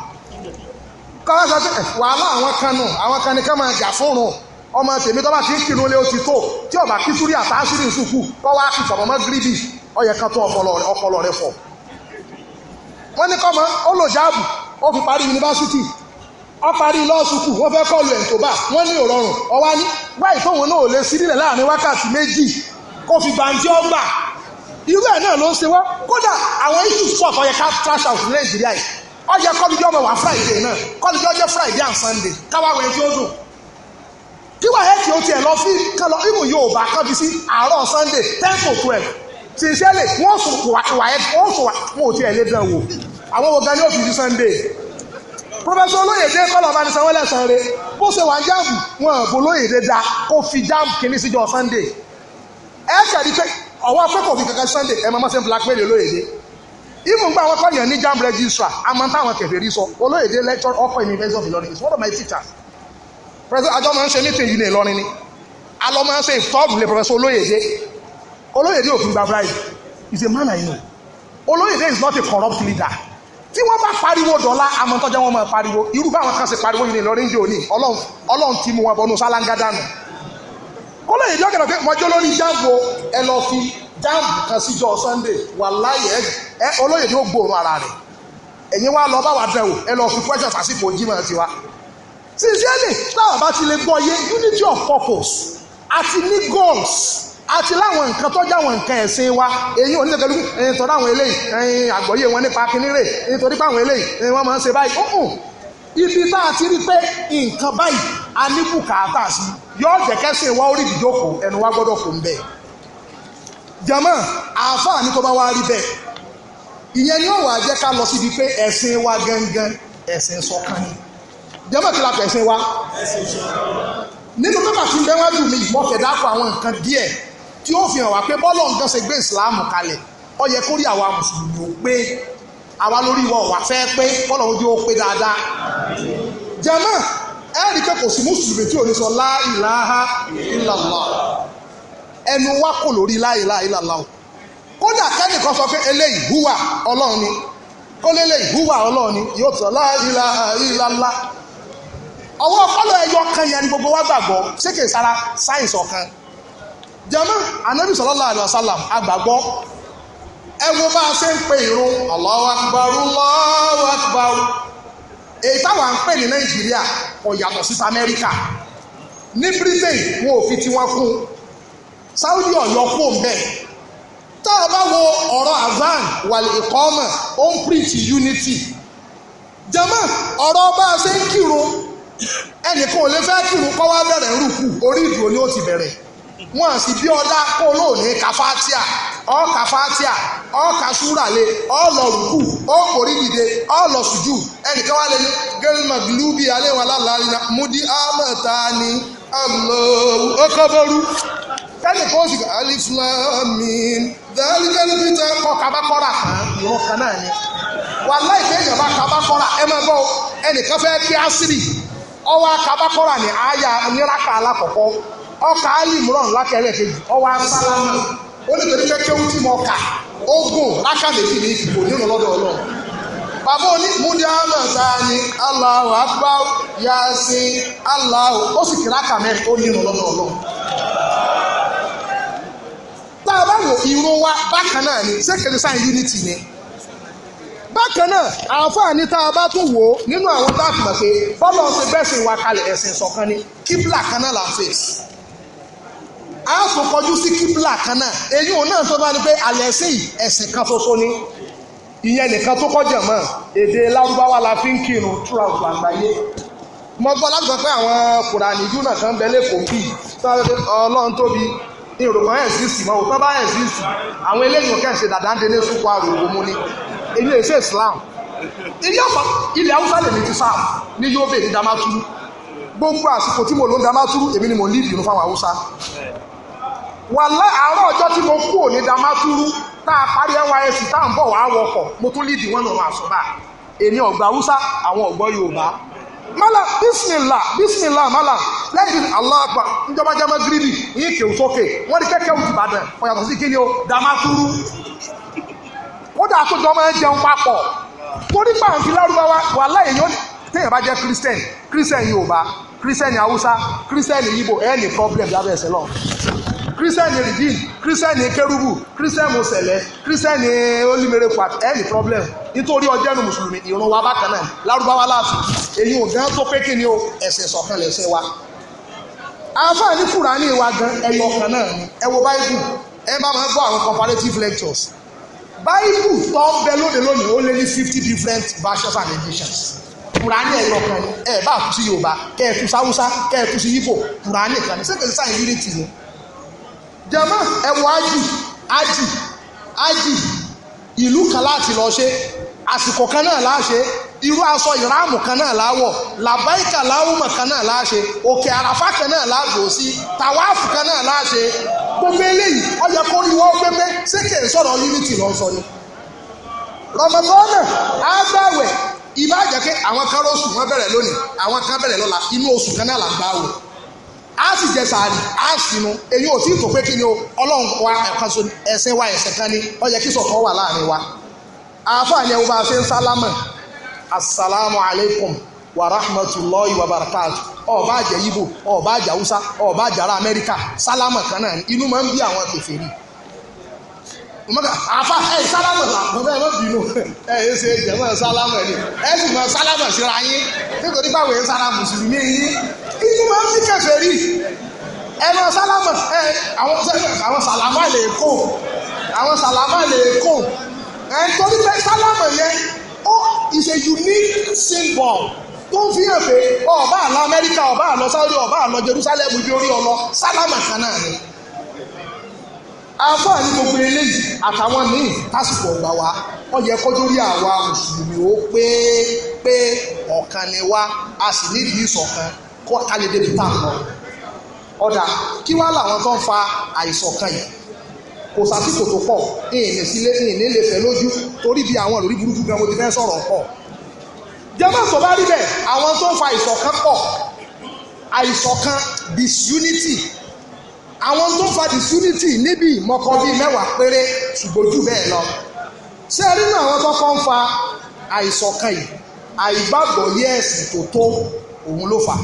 kọ́lá sọ pé eh, wàhálà àwọn kan nù àwọn kan ní ká máa jà fún un ọmọ tèmi tó bá ti ń kírun lé ó ti tó tí ọba kí súrí àtàásírì tó wá kí fọmọmọ gírídì ọyẹ kan tó ọpọlọ rẹ fọ wọn ní kọ́mọ ó lò jáàbù ó fi parí yunifásitì ó parí lọ́ọ̀sùkù wọ́n fẹ́ kọ́ọ̀lù ẹ̀ tó bá wọ́n ní òrọ̀rùn ọwá ní wáyé tóun náà ò lè sí nílẹ̀ láàrin wákàtí méjì kó fi gbàǹtí ọgbà irú ẹ̀ náà ló ń ṣe wá kódà àwọn issues pọ̀ tó yẹ ká trash out ní nàìjíríà yìí ó yẹ kọ́lùjọ́ ọmọ wà friday náà kọ́lùjọ́ jẹ́ friday and sunday káwá wẹ̀ tí ó dùn kí wàá hẹ́ẹ̀kì ó tiẹ̀ lọ fi kán lọ ibù yorùbá kan fi sí àárọ̀ sunday ten to twelve sincerely wọ́n sùn wà wọ́n sùn wà wọ́n ò tiẹ̀ lé dán wò àwọn wo gan ni ó Sunday Professor olóyèdè kọlọ bá ní sanwó lẹsàn rẹ bó ṣe wà ń jáàmù wọn ò bó olóyèdè da kó fi jáàmù kìíní síjọ Sunday ẹ kẹ̀rí pé ọwọ́ afẹ́kọ̀ọ́ fi kankan Sunday ẹ máa ma ṣe ń blackmail olóyèdè even gba àwọn kọ́yàn ní JAMB registrar àmọ́ táwọn kẹfẹ́ rí sọ olóyèdè lecture ọkọ̀ mi University of Ilorin is one of my teachers president àjọ máa ń ṣe meeting yìí ní Ìlọrin ni alọ́ máa ń ṣe ìfọ́ọ̀mù lè professor olóyèdè olóyèdè òfin gba bribe is a man I know olóyèdè is not a corrupt leader tí wọ́n bá pariwo dọ̀la àmọ́tọ́jọ́ wọn máa pariwo irú báwọn kan ṣe pariwo yìí ní Ìlọrin jò ní ọlọ́run ti mú wọn bọ́nu sálángádánù ó lè yíjọ́ kẹ̀lọ́ pé mọ́jọ́ lórí jáàbò ẹ lọ fi jáàbù kan síjọ́ Sunday wà láyé ẹ olóyè ni ó gbòòrò ara rẹ̀ ẹ̀yin wá lọ bá wà dẹ̀wò ẹ lọ fi question sásìkò Jímọ̀ tiwa sincerely táwọn bá ti lè gbọ́ yé unity of purpose àti ní goals àti láwọn nǹkan tọ́jú àwọn nǹkan ẹ̀sìn wa èyí ò ní ṣe pẹ̀lú ẹ̀yìn tọ́jú àwọn eléyìí ẹ̀yìn àgbọ̀yé wọn nípa kínírè ẹ̀yìn tọ́jú àwọn eléyìí ẹ̀yìn wọn máa ń ṣe báyìí ọ̀hún ibi tá a ti rí pé nǹkan báyìí a ní bùkátà sí yóò jẹ́ kẹ́sìn wa ó rí ìdíjókòó ẹnu wa gbọ́dọ̀ fò ń bẹ̀. jama àáfàá ní tó bá wá rí bẹ́ẹ̀ ìyẹn ni ó jẹ́ ká lọ síbi pé ẹ̀sìn wa gangan ẹ̀sìn ṣọ̀kan ni jama kí la pẹ̀ ẹ̀sìn wa nínú pépà tí ń bẹ́ wájú mi ìmọ̀kẹ̀dá kọ àwọn nǹkan díẹ̀ tí ó fi hàn wá pé bọ́lọ̀ nǹkan ṣe gbé ìsìláàmù kalẹ̀ ọ yẹ kó rí àwa mùsùlùmí ó pé àwa lórí wọn wà fẹ́ pé bọ́lọ̀ ojú ó pé dáadáa jàmá ẹ rí pé kò sí mùsùlùmí tí ò ní sọ la ilaha ẹnu wa kò lórí láìláha ilaha illallah kódà kẹ́nìkan sọ pé eléyìí húwà ọlọ́run ni kó lélẹ̀ ìhúwà ọlọ́run ni yóò tọ̀ láìláha ilaha ọwọ́ ọpọlọ ẹyọ kan yẹn ni gbogbo wa gbàgbọ́ ṣé kìí sara sáyẹ̀nsì ọ̀kan jama anabi sallallahu alaihi wasallam agbàgbọ́ ẹ wo bá a ṣe ń pe ìrun Allahu akbar Allahu akbar èyí táwọn ń pè ní nàìjíríà kò yàtọ̀ sí amẹ́ríkà ní britain wọn ò fi tiwọn kún saudi ọ̀yọ́ kú òǹbẹ tá a bá wo ọ̀rọ̀ azan wàlẹ̀ ìkọ́mà ó ń preach unity jama ọ̀rọ̀ bá a ṣe ń kírun ẹnìkan ò lè fẹ́ kírun kọ́ wá bẹ̀rẹ̀ rúkú orí ìdúró ni ó ti bẹ̀rẹ̀ wọ́n sì bí ọ̀dá kó ní kàfátíà ọ́ kàfátíà ọ́ kàṣúràlẹ̀ ọ́ lọ rùkù ọ́ kòrí dìde ọ́ lọ sùjù ẹnìkan wà lẹ́nu gẹ́rìmọ̀ glúbì aléwọ̀n alálàáríná múdi ámọ̀ta ni ọkọ̀bọ̀rú kẹ́lì kó sì alifulami dẹ́lígẹ́lì kọ́ kabakọ́ra kan ìwọ̀n kan náà ni wà láìpẹ́ bá kabakọ́ra ẹ máa gbọ́ ẹnìkan fẹ́ kí á sírì ọwọ́ kabakọ́ra ni àáyá oníraka alákọ̀ọ́kọ́ ọkà alimron lákẹ́rẹ́ kejì ọwọ́ asálámà ó ní o pé kéwù tí mo kà ogun lákàlẹ́kì ní ìfipò nínú lọ́dọ̀ ọlọ́run bàbá òní múdíámà sáni Allahu akbar yasin Allahu ó sì kí láka ó nínú lọ́dọ̀ ọlọ́run tá a bá wò ìró wa bákan náà ni sékèlè sáà unity ni bákan náà àǹfààní tá a bá tún wò ó nínú àwọn tá a pé bọ́lá ọ̀sẹ̀ bẹ́sìn wa kalẹ̀ ẹ̀sìn sọ̀kan ni kíbla kan náà fèsì a sùn kọjú sí kíbla kan náà èyí òun náà tó bá ní pé àlẹ́ sí ẹ̀sìn kan ṣoṣo ni ìyẹn nìkan tó kọjá mọ́ èdè lárúbáwá la fi ń kírun throughout àgbáyé mo gbọ́ láti sọ pé àwọn kùránì jù náà kan bẹ́lẹ̀ kò kì í ọlọ́run tóbi ìrògbọ́n ẹ̀ sí sí mọ́ òtọ́ bá ẹ̀ sí sí àwọn eléyìí ò kẹ́sì dàdá ń délé sùpọ̀ àrògbò mu ni èyí èsì Islam ilé ọ̀fà ilẹ̀ haúsá lèmi ti sáà ní Yobe ní Damaturu gbogbo àsìkò tí mo lò ń Damaturu èmi ni mo ń lídìí fún àwọn haúsá wàlá àárọ̀ ọjọ́ tí mo kú òní damaturu tá a parí nysc tá à ń bọ̀ wá wọkọ̀ mo tún lídìí wọn lọ́rùn àsọ̀bà èmi ọ̀gbà haúsá àwọn ọ̀gbọ́ yorùbá mala bisimilah bisimilah mala lẹ́yìn aláàbà njọba jẹ́ magiribi yín kéwù sókè wọ́n ní kẹ́kẹ́ òtù ìbàdàn ọ̀yàtọ̀ sí kí ni o damaturu kódà àtòjọ́ máa ń jẹun papọ̀ torí pàǹfì lárúbáwá wàlá èèyàn téèyàn bá jẹ́ christian christian yorùbá christian haúsá christian ibo ẹ̀ ní problem lábẹ́ ẹ̀sẹ̀ lọ kírísítẹ́nì rìdíìn kírísítẹ́nì kérúbù kírísítẹ́nì mọ̀sẹ̀lẹ̀ kírísítẹ́nì olùmẹ̀rẹ̀ pàt ẹ̀ẹ́nì problem nítorí ọjọ́ ẹnu mùsùlùmí ìrun wa bákan náà lárúbáwá láàfù èyí ò gán tó pé kí ni o ẹ̀sìn sọ̀kan lẹ̀sẹ̀ wa. àǹfààní Kùránì wa gan ẹyọ kan náà ni ẹ wo báyìí ẹ bá máa gbọ́ àwọn comparative lectures báyìí tó ń bẹ lóde lónìí ó lé ní fifty different versions and editions kùránì ẹ̀yọ̀ kan ni ẹ̀ bá tú sí yorùbá kẹ́ẹ̀tú sáwúsá kẹ́ẹ̀tú sí yíbò kùránì kan ní sẹ́kẹ̀sì sáyẹn unity ni jama ẹ̀wọ̀ ájì ájì ájì ìlú kan láti lọ ṣe àsìkò kan náà láṣe irú aṣọ ìráàmù kan náà láwọ̀ làbáìkà láwùmọ̀ kan náà láṣe òkè àràfà kan náà láàbò sí tàwáàfù kan náà láṣe gbogbo eléyìí ọjà kó rí wọ́n pẹ́pẹ́ ṣé kè é sọ̀rọ̀ unity lọ sọ ni. rọmọbọ́nà á gbàwẹ̀ ìbá jẹ́ pé àwọn kan lóṣù wọn bẹ̀rẹ̀ lónìí àwọn kan bẹ̀rẹ̀ lọ́la inú oṣù kan náà là gbàwẹ̀ asi dị jẹ a nu èyí ò pé kí ni o ọlọ́run wa ẹ̀kan so ẹ̀sìn wa kan ni yẹ kí wà láàrin wa àfààní ẹ̀wọ̀n wa rahmatulahi wa barakatu ọba àjẹ ọba àjẹ ọba àjẹ ará amẹ́ríkà sálámà kan náà inú máa ń bí Eh, ah, eh, mọ́kà àfa ẹ̀ sálámà bàbá ẹ̀ má bínú ẹ̀ ẹ̀ ṣe jẹ̀mọ́ sálámà ni ẹ̀ sì mọ sálámà síra yín nítorí báwo ẹ̀ sára mùsùlùmí yín kí ni wọ́n fi kẹfẹ́ rí ẹ̀ mọ sálámà eh, ẹ̀ àwọn sàlámà lè kó àwọn sàlámà lè kó ẹ̀ torí bẹ́ẹ̀ sálámà yẹn ó is a unique symbol tó ń fi hàn pé ọba àlọ Amẹ́ríkà ọba àlọ Saudi ọba àlọ Jerusalem ibi orí ọlọ sálámà kan náà ni àfáà ní gbogbo eléyìí àtàwọn míì tásìkò ọgbà wa ó yẹ kó lórí àwa mùsùlùmí ó pé pé ọ̀kan ni wá a sì nídìí ìṣọ̀kan kó a lè débi tá a lọ ọ̀dà kí wá làwọn tó ń fa àìṣọ̀kan yìí kò sásìkò tó pọ̀ ìní sílé ìní lè fẹ́ lójú torí bí àwọn lórí burúkú gan mo ti fẹ́ sọ̀rọ̀ pọ̀ jẹ́mọ̀ tó bá rí bẹ́ẹ̀ àwọn tó ń fa àìṣọ̀kan pọ̀ àìṣọ̀kan disunity àwọn tó fa disunity níbi ìmọ̀kọ bíi mẹ́wàá péré ṣùgbọ́n jù bẹ́ẹ̀ lọ ṣé ẹ rí nínú àwọn tó kọ́ ń fa àìṣọ̀kan yìí àìgbàgbọ́ yẹ́ẹ̀sì tó tó òun ló fà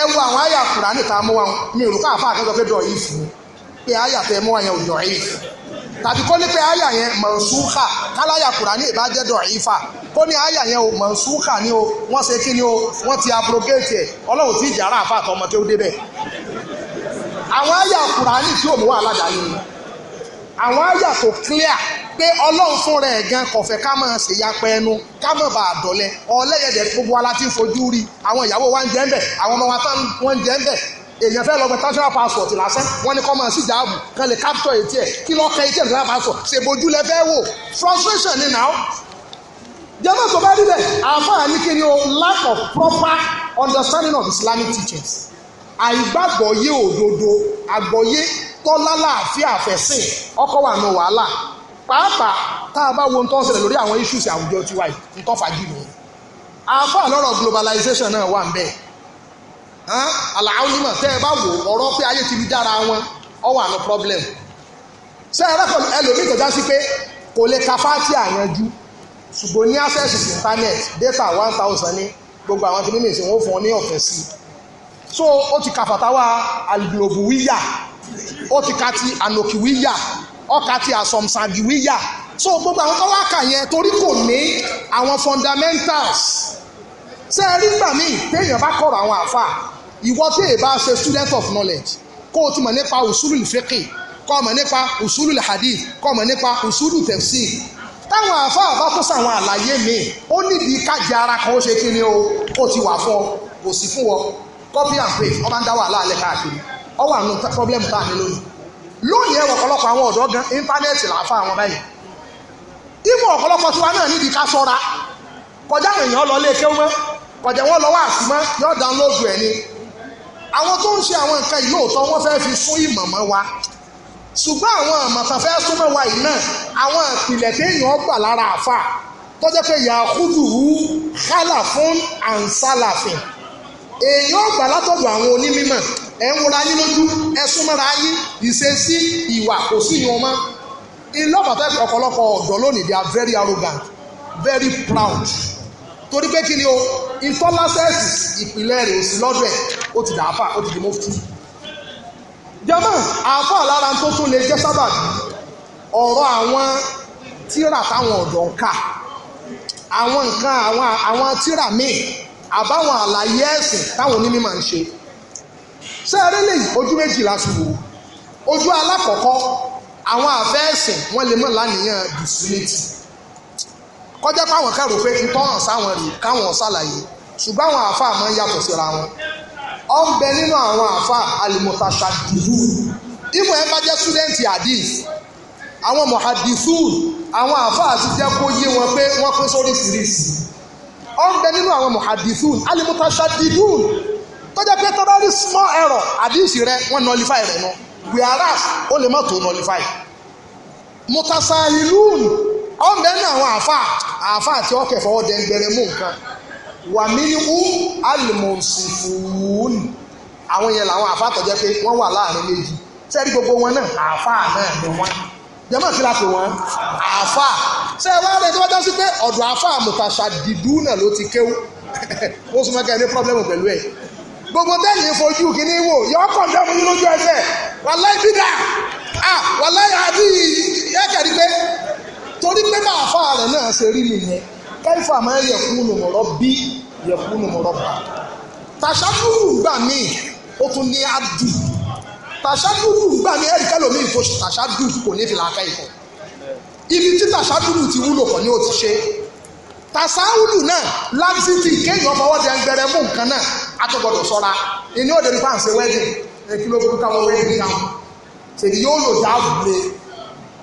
ẹ wo àwọn àyà Kùránì tá mú wa ní òrùka àfa àkẹ́kọ̀ọ́ pé dọ̀ yìí fún pé àyà tẹ mú wa yẹn ò dọ̀ yìí tàbí kó ní pé àyà yẹn mọ̀nsúkà káláyà Kùránì ìbàjẹ́ dọ̀ yìí fà kó ní àyà yẹn o mọ̀nsúkà ni o wọ́n ṣe kí ni o wọ́n ti abrogate ẹ̀ ọlọ́run tí ìjà ara àfa àtọmọ tó débẹ̀ àwọn àyà kùránì tí òun wà ládàáyé ni àwọn àyà tó clear pé ọlọ́run fúnra ẹ̀ gan kò fẹ́ ká máa ṣèyapẹ ẹnu ká máa bàa dọ̀lẹ́ ọlẹ́yẹ̀dẹ̀ gbogbo wa ti ń fojú rí àwọn ìyàwó wa ń jẹ́ ń bẹ̀ àwọn ọmọ wa wọ́n ń jẹ́ ń bẹ̀ èèyàn fẹ́ lọ gba national passport lásán wọ́n ní kọ́ máa sí ìjààbù kan lè capture etí ẹ̀ kí lọ́ọ́ kẹ́ etí ẹ̀ national passport ṣe bojú lẹ fẹ́ wò frustration ni now jẹ́mọ̀ tó bá rí àfáà ní kí ni o lack of proper understanding of Islamic teachings àìgbàgbọ́yé òdodo àgbọ́yé tọ́lá láàfíà fẹ̀sìn ọkọ̀ wà ní wàhálà pàápàá tá a bá wo ń tọ́ ṣẹlẹ̀ lórí àwọn issues àwùjọ tiwa yìí ń tọ́ fàájì nù. àfa lọ́rọ̀ globalization náà wà ń bẹ̀. àlàáhùn nímọ̀ tẹ́ ẹ bá wò ọ̀rọ̀ pé ayé ti fi dára wọn ọ wà ní problem. ṣé ẹ rẹ́pọ̀ ẹlòmíì tọ́já sí pé kò lè ka fáàtì àyanjú ṣùgbọ́n ní access to internet data one thousand ní gbogbo àwọn tí mímì sí wọn fún ọ ní ọ̀fẹ́ sí i so ó ti ka fàtàwà alìgbòbùwíyà ó ti ka ti ànòkìwíyà ó ti àsọmsàgìwíyà so gbogbo àwọn kọ́wá kà yẹn torí kò ní àwọn fundamentals ṣé ẹ rí gbà míì téèyàn bá kọ̀rọ̀ àwọn àfà ìwọ tí èèbá ṣe student of knowledge kó o ti mọ̀ nípa usulul fiqh kó o mọ̀ nípa usulul hadith kó o mọ̀ nípa usulul tafsir táwọn àfà àbá tó sàwọn àlàyé mi ó nídìí kájà ara kan ó ṣe kí ni o ó ti wà fún ọ kò sí fún ọ copy and paste ọba ń dá wàhálà alẹ́ káàkiri ọ wà nù problem tá a ní lónìí lónìí ẹwọ ọ̀pọ̀lọpọ̀ àwọn ọ̀dọ́ gan íńtánẹ́ẹ̀tì làáfà àwọn báyìí ìmọ̀ ọ̀pọ̀lọpọ̀ tiwa náà nídìí ká sọ́ra kọjá àwọn èèyàn lọ lé kéwú mọ́ kọjá wọn lọ wá àsìmọ́ yóò download ẹ̀ ni àwọn tó ń ṣe àwọn nǹkan yìí lóòótọ́ wọ́n fẹ́ fi sún ìmọ̀ wa ṣùgbọ́n àwọn àmọ̀tàn fẹ́ sún mọ́ wa yìí náà àwọn ìpìlẹ̀ téèyàn gbà lára àfà tọ́jọ́ pé yàá kúdùú hálà fún àǹsálàfin èèyàn ọgbà látọ̀dọ̀ àwọn onímọ̀ ẹ̀ ń wọra yín lójú ẹ súnmọ́ra yín ìṣesí ìwà kò sí yín ọmọ ilé ọ̀bàtà ọ̀pọ̀lọpọ̀ ọ̀dọ́ lónìí they are very arrogant very proud torí pé kí ni o intolerance ìpìlẹ̀ rẹ̀ òsì lọ́dọ̀ ẹ̀ ó ti dàáfà ó ti di mọ́fútì jọmọ àáfà lára tó tún lè jẹ́ sábàbí ọ̀rọ̀ àwọn tíra táwọn ọ̀dọ́ ń kà àwọn nǹkan àwọn tíra míì àbáwọn àlàyé ẹ̀sìn táwọn onímọ̀ ń ṣe sẹ́ẹ̀rẹ́ lè ojú méjìlá ṣubú ojú alákọ̀ọ́kọ́ àwọn àfẹ́ ẹ̀sìn wọ́n lè mọ̀ lánìyàn bisimiliti kọjá páwọn kẹrò pé ń tọ́hàn sáwọn rè káwọn ṣàlàyé ṣùgbọ́n àwọn àfáà máa ń yàtọ̀ síra wọn ọ ń bẹ nínú àwọn àfáà alimọ̀tàṣà dùdú ìmọ̀ ẹ bá jẹ́ súdẹ́ǹtì hadith àwọn mọ̀hadithul àwọn àfáà ti jẹ́ kó yé wọn pé wọ́n pín sóríṣiríṣi ọ̀n bẹ nínú àwọn muhadithun alimutashadidun tọ́jà pé tọ́ba rí small error àdìsí rẹ wọ́n nullify rẹ̀ nù whereas ó lè má tó nullify mutasahilun ọ̀n bẹ nínú àwọn àfa àfa àti ọkẹ̀ fọwọ́ dẹ́ngbẹ̀rẹ̀ mú nǹkan wàmínú alimọ̀sífún àwọn yẹn làwọn àfa tọ́jà pé wọ́n wà láàrin méjì sẹ́ẹ̀rí gbogbo wọn náà àfa náà ni wọ́n jẹ́mọ̀ kí la pè wọ́n àáfà ṣé ẹ wá rẹ̀ tí wọ́n já sí pé ọ̀dọ̀ àáfà àmùtàṣà dìdú náà ló ti kéwú ó sì mọ́kẹ́ ní pọ́blẹ́mù pẹ̀lú ẹ̀ gbogbo tẹ́yìn fojú kìíní wò yọ kọ̀ọ̀dọ́ fún yín lójú ẹsẹ̀ wàláì bídà wàláì àbí yẹ́kẹ̀rí pé torí pé bá àáfà rẹ̀ náà ṣe rí nìyẹn kẹ́fà máa ń yẹ̀kú nùmọ̀rọ̀ bí yẹ̀kú nùmọ̀rọ̀ bá tàṣà fún ìgbà míì ó tún ní àdùn tàṣádùrù gbà mí ẹ̀rí kẹlòmí tó tàṣádùrù kò ní fi làákà ìkọ̀ ibi tí tàṣádùrù ti wúlò kọ̀ ni ó ti ṣe tàṣáwùdù náà lábísítì kéèyàn fọwọ́ di ẹgbẹ̀rẹ̀ mú nǹkan náà àtọ̀gbọ̀dọ̀ sọ́ra ìní òde ní fáǹsì wẹ́dìn kí ló burúkú àwọn wẹ́dìn náà tèmi yóò lò dáàbò lé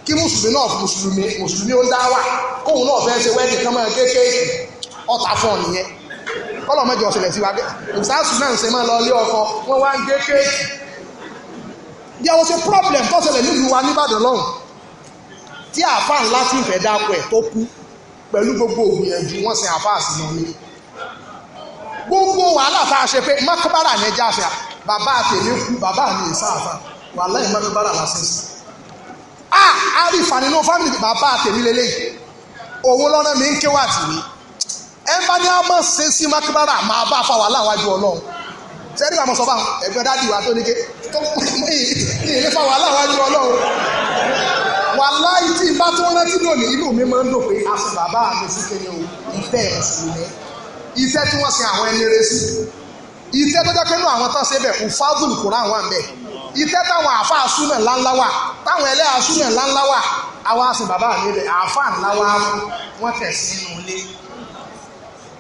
kí mùsùlùmí náà mùsùlùmí mùsùlùmí ó dá wà kóun náà fẹ́ ṣe wẹ́dìn kan máa kéékèèké ọ̀tá fún ọ nìyẹn kọ́lọ̀ mẹ́jọ ọ̀sẹ̀lẹ̀ sí wa ìsáàsù náà ń ṣe máa lọ ilé ọkọ wọ́n wá ń gé there was a problem tó ṣẹlẹ̀ nílùú wa nìbàdàn lọ́hùn tí àáfà ńlá tí ìfẹ́ dákọ̀ ẹ̀ tó kú pẹ̀lú gbogbo ògbìyànjú wọ́n sin àáfà sí wọn ní gbogbo wàhálà tá a ṣe pé mọ́kàbárà ní ẹja àfẹ́ bàbá àtẹ̀lé kú bàbá mi ìsá àfà wàhálà ìmọ̀kàbárà lásán sí a àrí ìfàninú fámìlì bàbá àtẹ̀mí lélẹ́yìí òun lọ́nà mi ń kéwàtì mi ẹ bá ní a mọ̀ ṣe sí mọ́kàbárà máa bá a fa wàhálà wájú ọlọ́run sẹ́rí bàmọ̀ sọ́ba ẹ̀gbọ́n dáàdì wa tó ní ké tó ìlé fa wàhálà wa ju ọlọ́run wàhálà yìí tí bá tó rántí lónìí inú mi máa ń dùn pé a ah, fún bàbá mi sí kéde o ìfẹ́ mùsùlùmí iṣẹ́ tí wọ́n sin àwọn ẹni rẹ sí iṣẹ́ tó jẹ́ pé inú àwọn tán ṣe bẹ̀ kò fábùlù kò ráwọn bẹ̀ iṣẹ́ táwọn àfa àsúnà ńláńlá wà táwọn ẹlẹ́ àsúnà ńláńlá wà àwa sin bàbá mi bẹ̀ àfa ńláńlá wọ́n tẹ̀ sínú ilé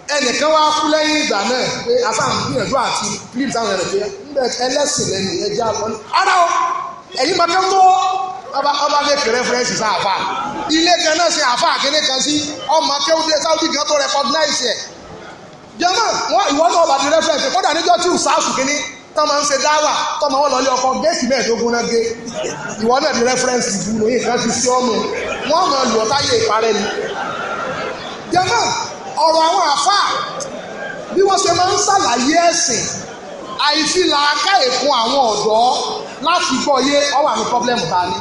ẹnìkan wá kú lẹ́yìn ìgbà náà pé afáàn gbìyànjú àti philips àwọn ẹ̀rọ pé ńbẹ ẹlẹ́sìn lẹ́yìn ẹja wọn. ara o ẹ̀yin bá kẹ́kọ̀ọ́ ọba ọba lè pè rẹ́fúrẹ́nsì sí àfa ilé kan náà ṣe àfa àkéde kan sí ọmọ kéwúdé sáwùdí kan tó rẹkọgnáìsì ẹ̀. jẹ́mọ̀ wọn ìwọ náà bá di rẹ́fúrẹ́nsì níjọ́ tí ìsáàsù kínní ọ̀rọ̀ àwọn àfáà bí wọ́n ṣe máa ń ṣàlàyé ẹ̀sìn àìfilà akáyè fún àwọn ọ̀dọ́ láti gbọ́ yé ọwọ́ àmì pọ́blẹ́mù ta ni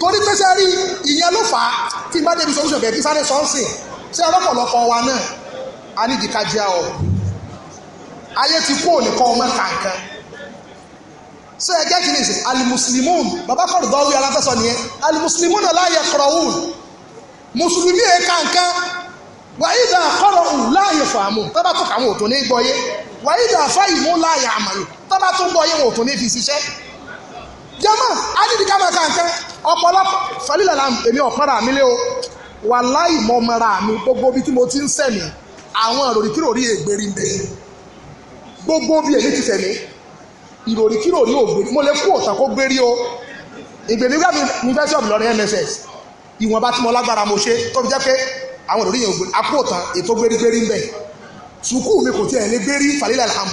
torí pé sẹ́rí ìyẹn ló fà á tí bá débi solution bẹ̀ẹ́ bí sáré sọ́ọ̀sìn ṣé ọlọ́pọ̀lọpọ̀ wa náà a ní ìdíkà jẹ́ ọ̀ ayé ti kú òní kọ́ ọmọ kankan ṣé ẹ jẹ́ kí ni ṣe alimuslimun bàbá kọ́rọ̀ dọ́wọ́ aláfẹ́sọ nìyẹn alimuslimun ọláyẹ kọ̀rọ̀wùn mùsùlùmí ẹ̀ka nǹkan wàyídà kọ́rọ̀ ù láàyè fàámù tọ́ba tó kàwọn òtún ní gbọ́yé wàyídà fáyìmú láàyè àmàlù tọ́ba tó gbọ́yé wọn òtún ní fi ṣiṣẹ́. jama adidika máa ka nǹkan ọ̀pọ̀lọpọ̀ falilà làm èmi ọ̀pọ̀ra mi lé o wàláì mọ́ mara mi gbogbo bí tí mo ti ń sẹ̀mí àwọn ìròríkìròrí ègbèrí ń bẹ gbogbo bí èmi ti sẹ̀mí ìròríkìròrí ògbèrí mo lè kú ọ̀tàn kó gbérí o ìgbèmígbà mi fẹ́ sọ̀bù lọ́rin NSS ìwọ̀nba tí mo lágbára mo ṣe tó àwọn ìròrí yẹn apóòtàn ètò gbérígbérí ń bẹ̀ sùkú mi kò tiẹ̀ lé gbérí falilẹ̀ alham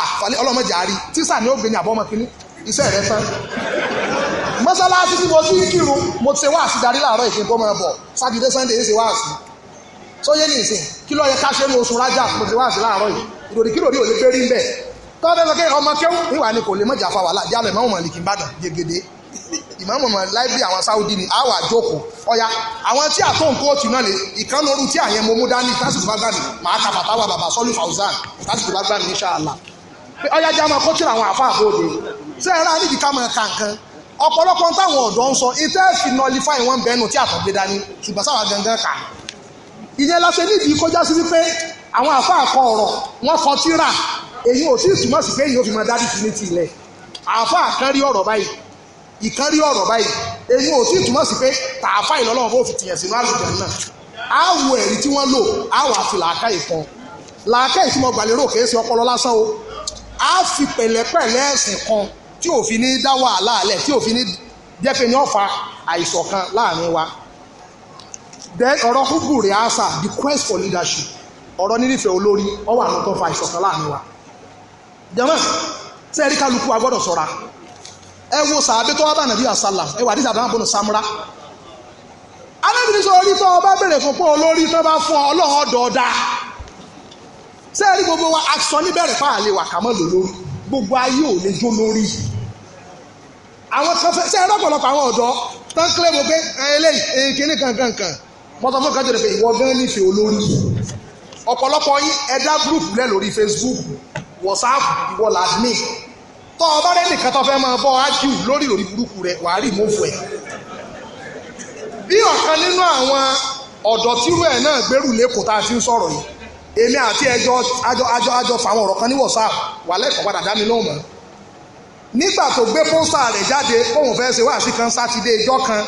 àfàlẹ́ ọlọ́mọdé àárí tísà ni ó gbé ní àbọ̀mọ kínní iṣẹ́ rẹ tán mọ́sálásí tí mo ti ń kírun mo ti ṣe wáàsí darí láàárọ̀ ìpín tó máa bọ̀ sátidé sunday ń ṣe wáàsí tó yé nìsín kí ló yẹ ká ṣe ní oṣù rájà mo ti wáàsí láàárọ̀ yìí ìròrí kí lòdì òlé gbérí ń bẹ̀ tọ́wọ́ fẹ́ sọ pé ọmọ kéwù ìwà ni kò lè mọ̀jà fa wàhálà jálẹ̀ mọ́wọ́n mọ̀lìkì ń bàdàn gègèdè ìmáàmù mọ̀ láìbírì àwọn Saudi ni àwà jókòó ọ̀yà àwọn tí àtọ̀n kóòtù náà ni ìkànnì orú tí àyẹn mo mú dání tásìkò bá gbàmì màá ka fàtàwà bàbá sọ́lù Fauzan tásìkò bá gbàmì insha Allah pé ọ̀yà jẹ́ àwọn kóòtù àwọn àfa àbóde sẹ́yìn rà níbi ká mọ̀ kankan ọ̀pọ̀lọpọ̀ táwọn ọ̀dọ́ ń sọ ìtẹ́ fi nọlifá ìwọ̀n bẹ́ẹ̀nù tí àtọ̀ gbé dání ṣùgbọ́n sáwà gangan kà ìyẹn la ṣe níbi kọjá sí wípé àwọn àfa àkọ ọ̀rọ̀ wọn kọ tíra èyí ò sí ìtumọ̀ sí pé èyí ò fi máa ìkárí ọ̀rọ̀ báyìí èyí ò sì túmọ̀ sí pé tààfà ìlọ́lọ́wọ́ fún òfin tìyẹ̀ sínú àlùjẹ náà á wo ẹ̀rí tí wọ́n lò á wà fi làákà ìkan làákà ìtumọ̀ gbàlérò kìí ṣe ọpọlọ lásán o á fi pẹ̀lẹ́pẹ̀lẹ́ ẹ̀sìn kan tí òfin ní dá wàhálà alẹ̀ tí òfin ní jẹ́fẹ́ ní ọ̀fà àìṣọ̀kan láàrin wa then ọ̀rọ̀ húbù rẹ̀ àṣà the quest for leadership ọ̀rọ̀ nínífẹ̀ olórí ọwọ́ àwọn tó fa àìṣọ̀kan láàrin wa jẹ́mọ́ sẹ́ẹ̀rí kálukú agbọ́dọ̀ ṣọ́ra ẹ wo sàábé tó wá bá nàbí àsálà ẹ wà dísàbí àbọ̀nù samura alábìrin sọ orí tó ọba bèrè fún pé olórí tó bá fún ọ ọlọ́run ọ̀dọ̀ọ̀dà sẹ́ẹ̀rí gbogbo wa aṣọ níbẹ̀rẹ̀ fáàlè wà kàmọ́ lólórí gbogbo ayé ò lè jó lórí àwọn kan fẹ́ sẹ́ẹ̀rí ọ̀pọ̀lọpọ̀ àwọn ọ̀dọ́ tán kílẹ̀ eh, mo pé eléyìí kíní kankankan mọ́tò fún kájọ rẹ̀ pé ìwọ gan nífẹ̀ẹ́ olórí ọ̀pọ̀lọpọ̀ yín ẹ̀dá gúrùpù lẹ́ lórí Facebook WhatsApp ìwọ làdmín tọ́ ọ bá rẹ́ nìkan tó fẹ́ máa bọ́ ájú lórí òrí burúkú rẹ̀ wàá rí ìmọ̀fù ẹ̀ bí ọ̀kan nínú àwọn ọ̀dọ́ tírú ẹ̀ náà gbèrú lẹ́kọ̀ọ́ tá a fi ń sọ̀rọ̀ yìí èmi àti ẹjọ́ àjọ àjọ àjọ fàwọn ọ̀rọ̀ kan ní WhatsApp wà lẹ́kọ̀ọ́ padà dá mi lóhùn mọ́ nígbà tó gbé pósítà rẹ̀ jáde òun fẹ́ ṣe wáàsí kan sátidé ìjọ kan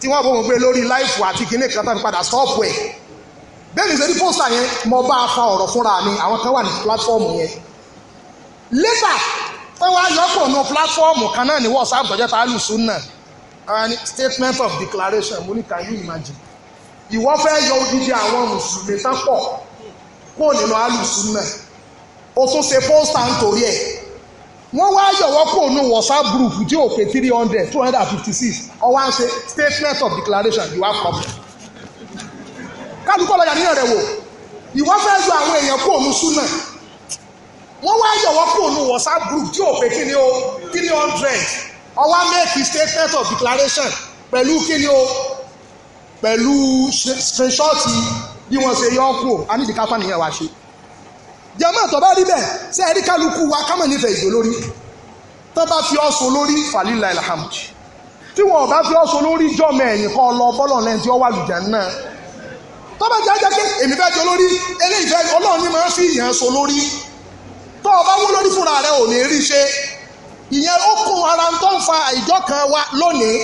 tí wọ́n bóun gbé lórí láìfù àti kinní kan tó fi padà sọ́ọ̀pù ẹ̀ bẹ́ẹ̀ ni ṣe ní pósítà yẹn mo bá a fa ọ̀rọ̀ fúnra mi àwọn kan wà ní pílátífọ́ọ̀mù yẹn lẹ́tà wọ́n wá yọ̀pọ̀ nu pílátífọ́ọ̀mù kan náà ní WhatsApp tọ́jọ́ ta lùsùn náà and statement of declaration mo ní can you imagine ìwọ fẹ́ yọ odidi àwọn mùsùlùmí tán pọ̀ kó nínú alùsùn náà o tún ṣe pósítà nítorí ẹ̀ wọ́n wá yọ̀wọ́ kó nu WhatsApp group tí ò three hundred two hundred and fifty six ọwọ́ à ń ṣe statement of declaration you have problem kálukọ́ lọ́jà níyàn rẹ̀ wò ìwọ fẹ́ yọ àwọn èèyàn kó nu sún náà wọ́n wá yọ̀wọ́ fóònù WhatsApp group tí ò pé kí ni o three hundred ọwá make statement of declaration pẹ̀lú kí ni o pẹ̀lú screenshot bí wọ́n ṣe yọ kú o a ní ìdíkà fún ìyẹn wá ṣe jẹ́mọ́ tó bá rí bẹ́ẹ̀ ṣé ẹ̀rí kálukú wa ká mọ̀ nífẹ̀ẹ́ ìjọ lórí tó bá fi ọ̀sùn lórí falila alhamd tí wọn ò bá fi ọ̀sùn lórí jọ́mọ ẹ̀yìn kan lọ bọ́lọ̀ lẹ́yìn wà lùjẹ̀ náà tó bá jẹ́ jẹ́ pé èmi fẹ́ jọ lórí eléyìí fẹ́ ọlọ́run ní máa ń fi ìyẹn so lórí tó ọba bá wó lórí fúnra rẹ ò ní rí ṣe ìyẹn ara tó ń fa kan wa lónìí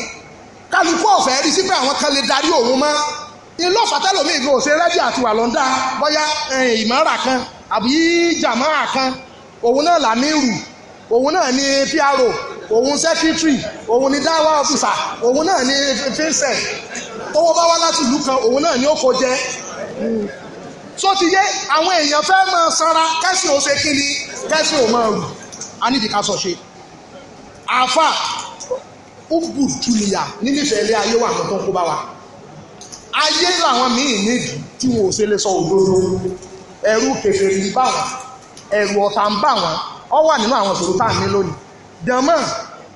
kálukú ọ̀fẹ́ rí sí pé àwọn kan lè darí òun mọ́ ilé ọ̀fàtàlómi ìgbà òṣè rẹ́dí àti wà lọ́ndà bóyá eh, ìmọ̀ràn kan àbí kan òun náà làmírù òun náà ni pro òun secretary òun ni dáwà òun náà ni tówó bá wá láti kan òun náà ni So ti yé àwọn èèyàn fẹ́ máa sanra kẹ́sìn ó ṣe kí ni kẹ́sìn ó máa rù a nídìí ká sọ ṣe àáfà ó bù jùlìyà nínífẹ̀ẹ́ ilé ayé wà tó ń kó bá wa ayé làwọn míì nídìí tí wọn ò ṣe lè sọ òdodo ẹrú kẹfẹrẹ ń bà wọn ẹrù ọ̀tá ń bà wọn ọ wà nínú àwọn ìṣòro tá à ń ní lónìí jẹmọ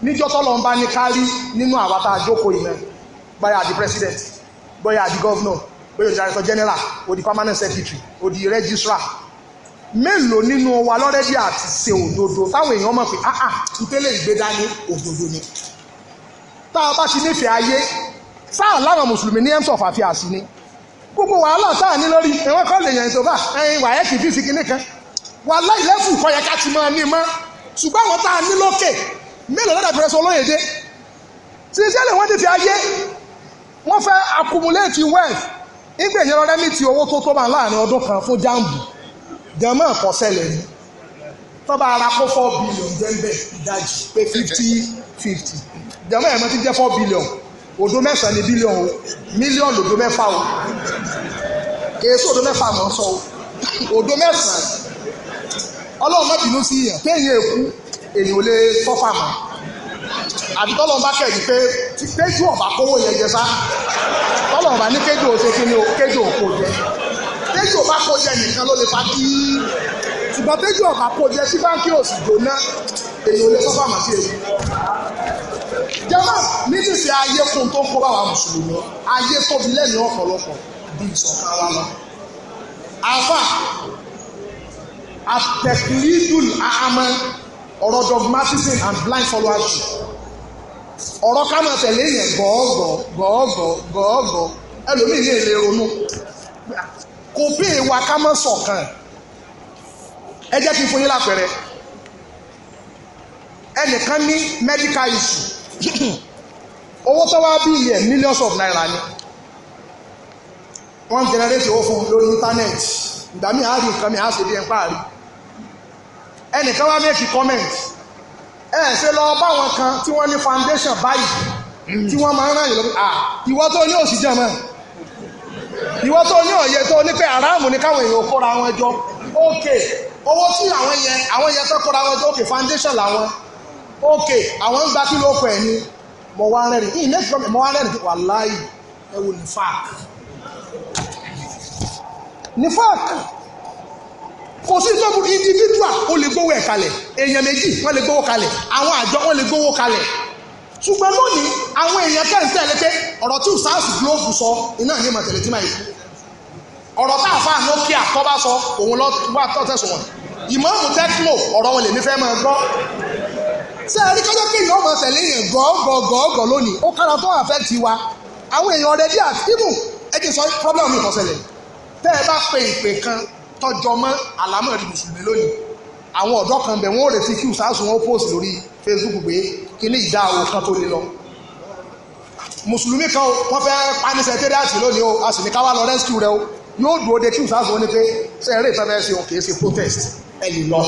níjọ́ tọlọ ń bá ní kárí nínú àwa tá a jókòó yìí náà bóyá àdí president bóyá àdí governor bóyá director general ó di permanent secretary ó di registrar mélòó nínú wa lọ́rẹ́dì àti ṣe òdodo táwọn èèyàn mọ̀ pé ah ah ìtẹ́lẹ̀ ìgbéga ní òdodo ni tá a bá ti nífẹ̀ẹ́ ayé sáà láwọn mùsùlùmí ní ems of àfihàn sí ni gbogbo wàhálà sáà ní lórí ẹ̀wọ̀n kọ́ lè yàn ètò bá ẹ̀yin wàhálà kì í fi sí kinní kan wàhálà ìlẹ́fù kọ́ yẹ ká ti máa ní mọ́ ṣùgbọ́n àwọn tá a ní lókè mélòó lọ́dà fẹ́rẹ́ sọ olóyèdè sincerely wọ́n ti fi ayé wọ́n fẹ́ accumulate ìgbè yẹn rọrẹ́ mi ti owó tó tó máa láàrin ọdún kan fún jambu jẹmọ́ ẹ̀kọ́ sẹ́lẹ̀ ni tọ́ba ara kó four billion jẹ́ńbẹ́ ìdajì pé fifty fifty jẹmọ́ ẹ̀mọ́ ti jẹ́ four billion òdo mẹ́sàn-án ni billion o million òdo mẹ́fà o kèésì òdo mẹ́fà mọ̀ ń sọ o òdo mẹ́sàn-án ọlọ́run má bínú sí yẹn téèyàn èkú èyàn ò lè fọ́fà mọ́ àti tọ́lọ́n bá kẹ̀lí pé ti kéjù ọ̀bà kówó yẹn jẹ sá tọ́lọ́n bá ní kéjù òṣè kí ni o kéjù òkò jẹ kéjù ọ̀bà kó jẹ nìkan ló lè fa kí ṣùgbọ́n kéjù ọ̀bà kó jẹ sí báńkì òsì gbóná èyí ò lè sọ́fà mà sí èyí. jẹ́mọ́ nísinsìnyí ayé fún tó ń kó bá wa mùsùlùmí ayé tóbi lẹ́nu ọ̀pọ̀lọpọ̀ bí ìṣọ̀kan wa lọ. àfà àtẹ̀kìlídùn àmọ́ ọ̀rọ̀ dogmatism and blind followership ọ̀rọ̀ ká máa tẹ̀lé yẹn gọ̀ọ́gọ̀ gọ̀ọ́gọ̀ gọ̀ọ́gọ̀ ẹlòmíì ní èlé ronú kò bí ìwà ká máa ṣọ̀kan ẹ jẹ́ kí n fún yín lápẹẹrẹ ẹnìkan ní medical issue owó tó wá bí millions of naira ni wọ́n generate owó fún un lórí íńtánẹ́ẹ̀tì ìgbà míì á rí nǹkan mi á ṣe bí ẹ̀ ń pààrí ẹnìkan wá make comment ẹ ṣe lọ bá wọn kan tí wọ́n ní foundation báyìí tí wọ́n máa ń ràn yín lọ́wọ́ à ah, ìwọ tó ní òsì jẹ́ mọ́ ìwọ tó ní òye tó ní pé aráàmù ni káwọn èèyàn kóra wọn jọ ok owó tí àwọn yẹn àwọn yẹn tó kóra wọn jọ ok foundation làwọn ok àwọn ń gba kí ló kọ ẹ̀ ni mo wá rẹ́rìn ní next problem mo wá rẹ́rìn wàláì ẹ wò ní fáàkì ní fáàkì kò sí tó burú individual ó lè gbowó ẹ̀ kalẹ̀ èèyàn méjì wọ́n lè gbowó kalẹ̀ àwọn àjọ wọ́n lè gbowó kalẹ̀ ṣùgbọ́n lónìí àwọn èèyàn kẹ́ǹtẹ́ lé pé ọ̀rọ̀ tí usas globe sọ iná ní ìmọ̀ tẹ̀lé tí máa yẹ ọ̀rọ̀ tá a fa nokia tó bá sọ òun lọ wá tó tẹ̀sùn wọn ìmọ̀ọ́mù tecno ọ̀rọ̀ wọn lèmi fẹ́ máa gbọ́ ṣé ẹ rí kájọ́ pé èèyàn ọmọ tẹ̀lé yẹn gọ́ọ̀gọ́ọ̀gọ́ lónìí ó kára tó affect wa àwọn èèyàn already at even ẹ jẹ́ sọ problem mi kò ṣẹlẹ̀ tẹ́ ẹ bá pe ìpè kan tọ́jọ mọ́ àlámọ̀ rí mùsùlùmí lónìí àwọn ọ̀dọ́ kan bẹ̀ wọ́n ò retí kí usasu wọn post lórí Facebook pé kí ní ìdá àwọn kan tó lè lọ mùsùlùmí kan wọ́n fẹ́ pani secretariat lónìí o a sì ní káwá lọ rescue rẹ o yóò dúró de kí usasu wọn ní pé ṣe eré ìfẹ́ fẹ́ ṣe òun kìí ṣe protest ẹ lè lọ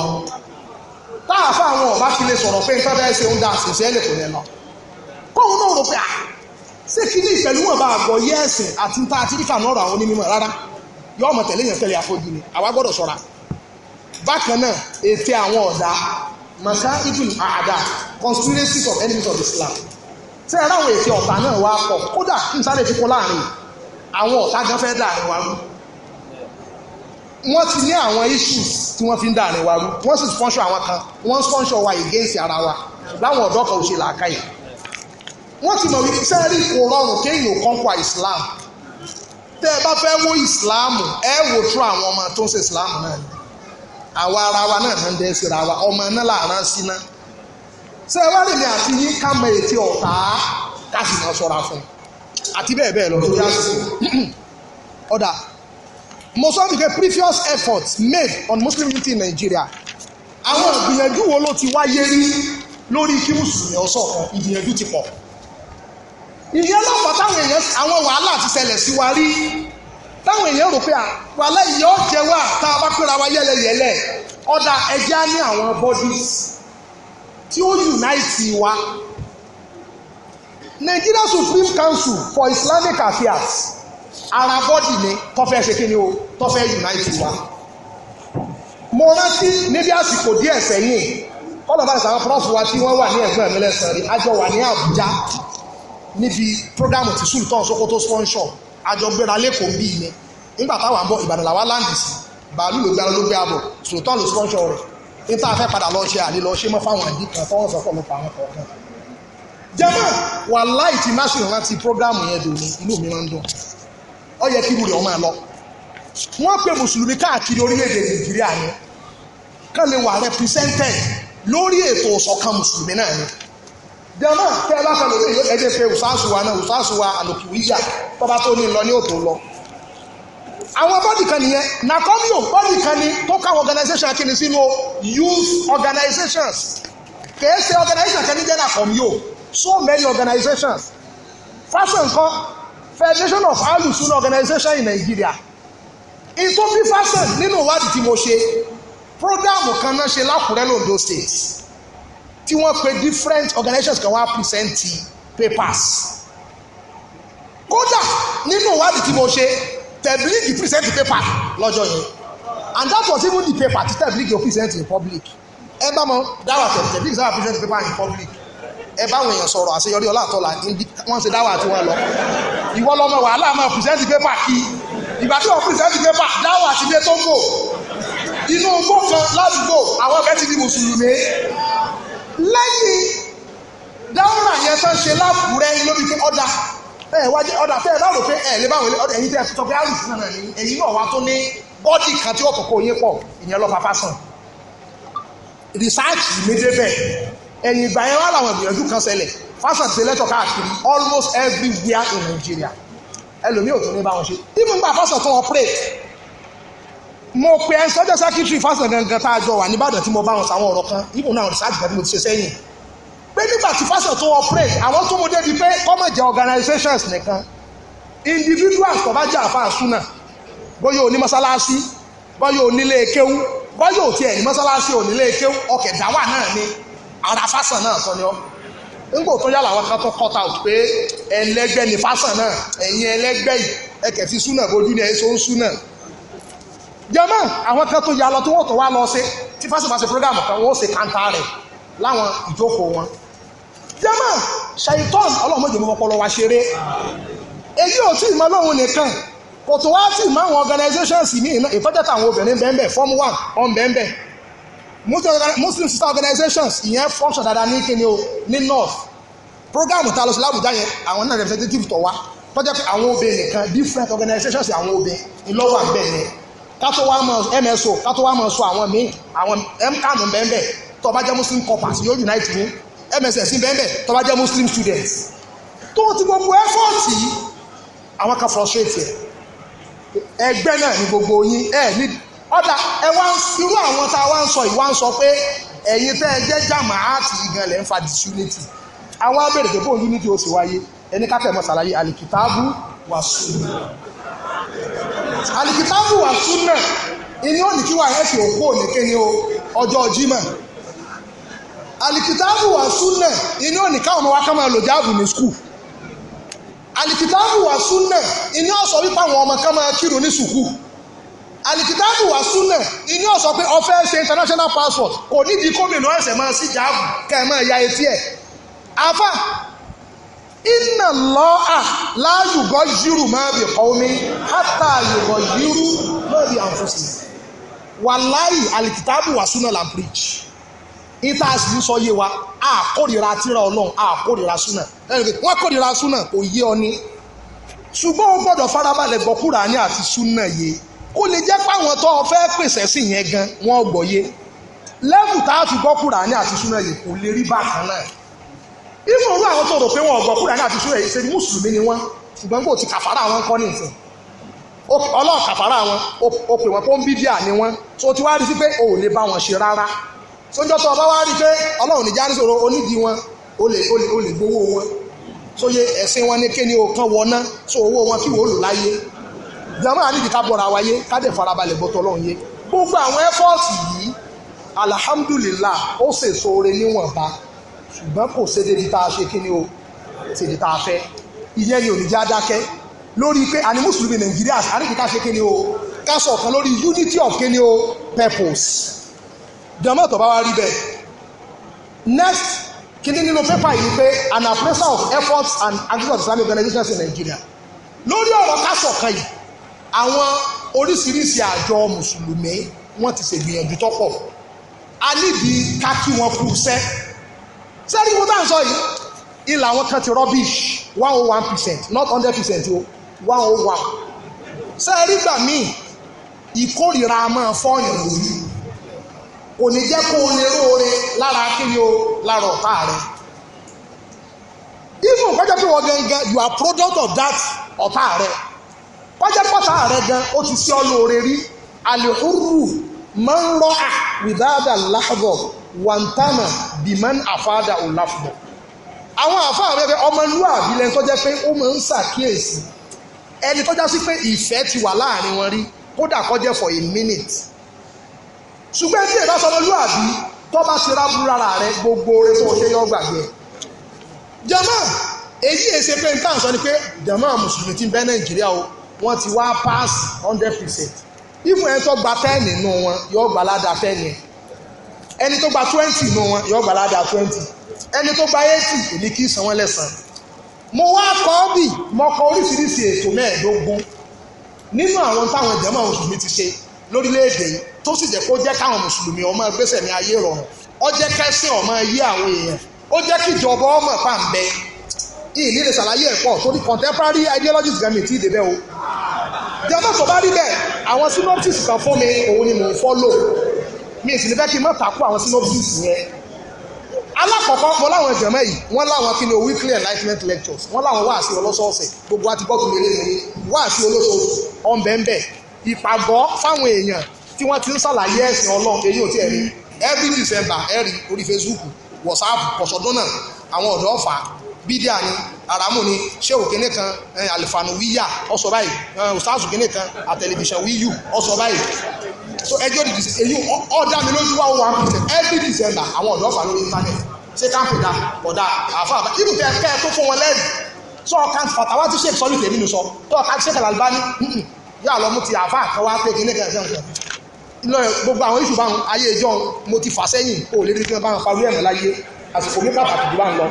táàfà àwọn ọba fi lè sọ̀rọ̀ pé ìfẹ́ fẹ́ ṣe òun dà sí ṣe é lè kò lè lọ kóun náà rò pé à ṣé kí ní ìfẹ́lúwọ̀n bá àgọ́ yẹ́ẹ̀sìn àti ní tá a ti náà rà àwọn onímọ̀ rárá yóò mọ̀ tẹ̀lé yẹn tẹ̀lé afọ́jú ni àwa gbọ́dọ̀ ṣọ́ra bákan náà ète àwọn ọ̀dà masa idun àdá conspiracies of enemies of Islam ṣé ẹ ráwọn ète ọ̀tá náà wá pọ̀ kódà n sáré fi kún láàrin àwọn ọ̀tá gan fẹ́ dàrin wa rú wọ́n ti ní àwọn issues tí wọ́n fi ń dàrin wa rú wọ́n sì sponsor àwọn kan wọ́n sponsor wa against ara wa láwọn ọ̀dọ́ kan ò ṣe làákàyè wọ́n ti mọ̀ wípé sẹ́ẹ̀rì kò rọrùn kéèyàn kọ́ńkọ́ Islam tẹ́ ẹ bá fẹ́ wo ìsìláàmù ẹ wò tún àwọn ọmọ tó ń ṣe ìsìláàmù náà ni àwa ara wa náà ń dẹ́ síra wa ọmọ náà làrán sí náà ṣé wá lèmi àti yín ká mọ ètí ọ̀tá ká sì máa ṣọ́ra fún un àti bẹ́ẹ̀ bẹ́ẹ̀ lọ tó yá ọ̀dà mo sọ wípé previous efforts made on Muslim unity in Nigeria àwọn ìgbìyànjú wo ló ti wáyé rí lórí kí mùsùlùmí ọ̀sọ̀ ìgbìyànjú ti pọ̀ ìyẹn náà fà táwọn èèyàn àwọn wàhálà ti ṣẹlẹ̀ sí wa rí táwọn èèyàn rò pé wàhálà yìí ó jẹ wá tá a bá pera wa yẹlẹyẹlẹ ọ̀dà ẹ̀jẹ̀ ní àwọn bodies tí ó unite wa Nigeria Supreme Council for Islamic Affairs ara bọ́dì ni tọ́fẹ́ ṣe kí ni o tọ́fẹ́ unite wa mo rántí níbi àsìkò díẹ̀ sẹ́yìn kọ́lọ̀ bá ṣàwọn prof wa tí wọ́n wà ní ẹ̀gbọ́n mi lẹ́sàn-án rí a wà ní Àbújá níbi prógámù tí Sultan Sokoto sponsor àjọ gbéra lẹ́kọ̀ọ́ bíi ni nígbà táwọn àbọ̀ Ìbàdàn làwọn láǹdì sí bàálù ló gbára ló gbé àbọ̀ Sultan ló sponsor rẹ̀ níta fẹ́ padà lọ ṣe àlè lọ ṣe mọ́ fáwọn àdí kan tọ́wọ́n sọ pọ̀ lọ́pọ̀ àwọn kọ̀ọ̀kan jẹ́mọ̀ wà láì ti máṣínì láti prógámù yẹn dòní inú mi máa ń dùn ọ yẹ kí irú rẹ̀ ọ máa lọ wọ́n pe mùsùlùmí káàkiri orílẹ̀-èdè Nàìjíríà ni kán lè wà represented lórí ètò ìṣọ̀kan mùsùlùmí náà ni jẹ́mọ́ tẹ́ ẹ bá fẹ́ lómi yóò ẹ̀jẹ̀ fẹ́ òṣàṣù wa náà òṣàṣù wa àlòkìwíyà tọ́ba tó ní lọ ní òtò lọ. àwọn bọ́dì kan nìyẹn nàkọ́míò bọ́dì kan ni tó ká organisation akíni sínú youth organizations kìí ṣe organisation kan ní jẹ́ nàkọ́míò so many organizations fashion kan federation of alusun organization in Nigeria ìtòbí fashion nínú ìwádìí tí mo ṣe program kan náà ṣe lákùrẹ́ londo state tí wọ́n pe different organizations kan wá present papers kódà nínú ìwádìí tí mo ṣe tẹ̀blíìgì present paper lọ́jọ́ yẹn and that was even the paper tí tẹ̀blíìgì ò present in public ẹ bá mọ dáwà tẹ̀blíìgì sábà present paper in public ẹ báwọn èèyàn sọ̀rọ̀ àṣeyọrí ọlá àtọ́là wọ́n ṣe dáwà tí wọ́n lọ ìwọ lọ́mọ wàhálà máa present paper kí ìgbà tí wọ́n present paper dáwà àti ilé tó ń bò inú gbọ́ kan ládùúgbò àwọn ọ̀fẹ́ ti di mùsùlùmí lẹ́yìn dáhùnà yẹn tán ṣe lábùrẹ́ lórí pé ọ̀dà ẹ̀ wájú ọ̀dà tẹ́ ẹ̀ bá rò pé ẹ̀ lè bá wọlé ọ̀dà ẹ̀yìn tẹ́ ẹ̀ sọ pé àrùsí náà ní èyí náà wá tó ní bọ́dì kan tí ọ̀kọ̀ọ̀kọ̀ yín pọ̀ ìyẹn lọ́ fafá sàn rìsáàtì méjèèbẹ̀ ẹ̀yìn ìgbà yẹn wà láwọn ìgbìyànjú kan ṣẹlẹ̀ fásitì ṣe lẹ́tọ̀ káàkiri almost everywhere in Nigeria ẹlòmíì ò tún ní bá wọn ṣe even gba fásitì tó wọn mo pe ẹ sọjọ sakitiri fásitì gangan tá a jọ wà nìbàdàn tí mo bá wọn sàwọn ọ̀rọ̀ kan ibùdó náà research kan mo ti ṣe sẹ́yìn pé nígbà tí fásitì tó operate àwọn tó mo débi pé kọ́mọ̀ organizations nìkan individuals tó bá jẹ́ àfáàsù náà bóyá òní mọ́sálásí bóyá onílé kéwú bóyá òtí ẹ̀ ní mọ́sálásí onílé kéwú ọkẹ̀ dáwà náà ni ara fásitì náà sọ ni ọ́ nígbà tó cut out pé ni fásitì náà ẹ̀yin yìí ẹ̀kẹ́ fi súnà bójú jama àwọn kan tó ya lọ tí wọ́n tó wá lọ sí tí fásitì program kan wọ́n ṣe kanta rẹ̀ láwọn ìjókòó wọn jama ṣàìtọ́n ọlọ́run mọ̀jọ̀ mọ́ ọpọlọ wa ṣeré èyí ò tí ì mọ lóhun nìkan kò tó wá tí ì mọ àwọn organizations míì náà ìfọ́jẹ́ta àwọn obìnrin bẹ́ẹ̀ form one ọ̀n bẹ́ẹ̀ muslim sister organizations ìyẹn function dáadáa ní kíni o ní north program ta lọ sí lábùjá yẹn àwọn náà representative tó wá tọ́jà pé àwọn obìnrin nìkan different organizations àwọn obìnrin ìlọ́wọ́ àgbẹ̀ yẹn kátó wá mọ mso kátó wá mọ sọ àwọn míì àwọn mkanu bẹ́ẹ̀ tó bá jẹ́ muslim corpus yóò unite fún mss bẹ́ẹ̀ tó bá jẹ́ muslim students tó ti gbogbo effort yìí àwọn kan frustrate ẹ ẹgbẹ́ náà ni gbogbo yín ẹ ní ọ̀dà ẹ wá irú àwọn tá a wá ń sọ yìí wá ń sọ pé ẹ̀yin tẹ́ ẹ jẹ́ jàmá àti ìgan lẹ́ ń fa disunity àwọn abẹ́rẹ́ tó bó unity ó sì wáyé ẹni ká tẹ̀ mọ́ sàlàyé àlìkìtàbù wàásù. alikitabu wa sunna ini o nikiwa hefi oko onikini o ọjọ jimọ alikitabu wa sunna ini o nika ọmọ waka ma lo jaabu ni sukuu alikitabu wa sunna ini o sọ wípé àwọn ọmọ kama kiri ni sukuu alikitabu wa sunna ini o sọ pé ọfẹ ṣe international passport kò ní di kómìnà ẹsẹ̀ jaabu kẹ́ ẹ ya etí afa. inna lọ́à láyùgọ́ yírù máa bì kọ́mi hátà yùgọ́ yírù máa bì àǹfọ̀sì wàláì alìkìtàbù wà súnà là ń preach ìta àṣìlú sọ yé wa a kórìíra tíra ọlọ́run a kórìíra súnà wọ́n kórìíra súnà kò yé ọ ní ṣùgbọ́n o gbọ́dọ̀ farabalẹ̀ gbọ́ Kùránì àti súnà yé kó lè jẹ́ páwọn tó o fẹ́ pèsè sí yẹn gan wọ́n gbọ́ yé lẹ́bù tá a fi gbọ́ Kùránì àti súnà yé kò lè rí bákan náà ìfún orú àwọn tó rò pé wọn ọgbọ kúrò ní àtúnṣe rẹ ṣe mùsùlùmí ni wọn ṣùgbọ́n kò ti kàfàrà wọn kọ́ nìsín ọlọ́run kàfàrà wọn ó pè wọn pé ń bídíà ni wọn tó ti wá rí sí pé ò lè bá wọn ṣe rárá sójọ́ tó ọba wá rí pé ọlọ́run níjà ní sọ̀rọ̀ onídìí wọn ó lè gbowó wọn sóye ẹ̀sìn wọn ní kéde ọkàn wọn ná so owó wọn kí wọ́n lò láyé jama àníbi ká bọ̀ra wa yé ká dẹ̀ farabalẹ̀ bọ́ tọ́lọ́run yé gbogbo àwọn ẹ́fọ́ọ̀sì yìí alhamdulillah ó sèso ore níwọ̀nba ṣùgbọ́n kò ṣe débi tá a ṣe kí ni o ṣe débi tá a fẹ́ ìyẹn yìí ò ní jẹ́ adákẹ́ lórí pé àní mùsùlùmí nàìjíríà àríkì ká ṣe kí ni o ká ṣọ̀kan lórí unity of kí ni o purpose jọmọ́ tó bá wá rí bẹ́ẹ̀ next kí ni nínú pépà yìí pé an appraisal of efforts and actions of Islamic organizations in Nigeria lórí ọ̀rọ̀ ká ṣọ̀kan yìí àwọn oríṣiríṣi àjọ mùsùlùmí wọ́n ti ṣègbìyànjú tọ́pọ̀ a nídìí ká kí wọn kú sẹ́ẹ́ sẹ́rí kó tá à ń sọ yìí ilà àwọn kan ti rubbish one oh one percent not hundred percent o one oh one sẹ́rí gbà míì ìkórìíra máa fọ́ọ̀yàn lórí kò ní jẹ́ kó o lè róore lára kíni o lára ọ̀tá rẹ even kọjá pé wọ́n gangan you are product of that ọ̀tá rẹ kọjá pọ̀tá rẹ gan ó ti sí ọ lóore rí alihuru máa ń rọ́ à without a a father will ò láfùbọ̀ àwọn àfáà rẹ̀ ọmọlúwàbí lẹ́ni tó jẹ́ pé ó máa ń ṣàkíyèsí ẹni tó já sí pé ìfẹ́ ti wà láàrin wọn rí kódà kó jẹ́ for a minute ṣùgbọ́n tí èdè ọmọlúwàbí tó bá ti rábúra rẹ gbogbo oore tó ṣe yọ gbàgbé jama èyí èsè pé nǹkan sọ ni pé jama mùsùlùmí ti ń bẹ nàìjíríà o wọ́n ti wá pass hundred percent if ẹ̀ tó gba ten nínú wọn yóò gba ládàá ten yẹn ẹni tó gba twenty nù wọn yóò gbà ládàá twenty ẹni tó gba eighty èmi kì í san wọn lẹ́sàn-án mo wá kọ́ bì mo kọ oríṣiríṣi ètò mẹ́ẹ̀ẹ́dógún nínú àwọn táwọn ìjẹ́mọ̀ mùsùlùmí ti ṣe lórílẹ̀‐èdè yìí tó sì jẹ́ kó jẹ́ káwọn mùsùlùmí ọmọ gbèsè ní ayé rọrùn ó jẹ́ kẹ́sìn ọmọ yí àwọn èèyàn ó jẹ́ kíjọba ọmọ pàǹbẹ ìní lè ṣàlàyé ẹ̀kọ́ torí contemporary ideologies gẹ̀mí tí ìdèbẹ́ o jọba tó bá rí bẹ́ẹ̀ àwọn synopsis kan fún mi òun ni mò ń fọ́lò mi sì ní fẹ́ kí n má takú àwọn synopsis yẹn alákọ̀ọ́kọ́ pọ̀ láwọn ìjọ̀mọ́ yìí wọ́n láwọn kí ni o weekly enlightenment lectures wọ́n láwọn wáàsí ọlọ́sọ̀ọ̀sẹ̀ gbogbo àti bọ́ọ̀kì mi lé mi wáàsí olóṣooṣù ọ̀nbẹ̀ńbẹ̀ ìpàgọ́ fáwọn èèyàn tí wọ́n ti ń ṣàlàyé ẹ̀sìn ọlọ́run èyí ò tí ẹ̀ rí every december ẹ̀ rí orí facebook whatsapp kọ̀sọ̀dún náà àwọn ọ̀dọ́ ọ̀fà bídíà ni aramu ni sehu kini kan alifanu wiya ọsọ báyìí ọsọ àsùn kini kan àtẹlifíṣàn wiyu ọsọ báyìí so ẹjọ́ di december èyí ọ̀dà mi lójú wá one percent every december àwọn ọ̀dọ́ fà lórí internet ṣé káńpì dá ọ̀dà àfa àbá ibù tẹ kẹ́ ẹ tó fún wọn lẹ́rìí sọ ọ̀kan fàtàwá tí sheik sọ́lù tèmi nù sọ tó ọ̀kan sheik Albani yóò lọ mú ti àfa àkọwá pé kíní kẹ̀kẹ́ lọ́yọ̀ gbogbo àwọn iṣu báwọn ayé ìjọ mo ti fà sẹ́yìn kó o lè rí bá wọn parí ẹ̀mọ́ láyé àsìkò mi pàtàkì jù bá ń lọ.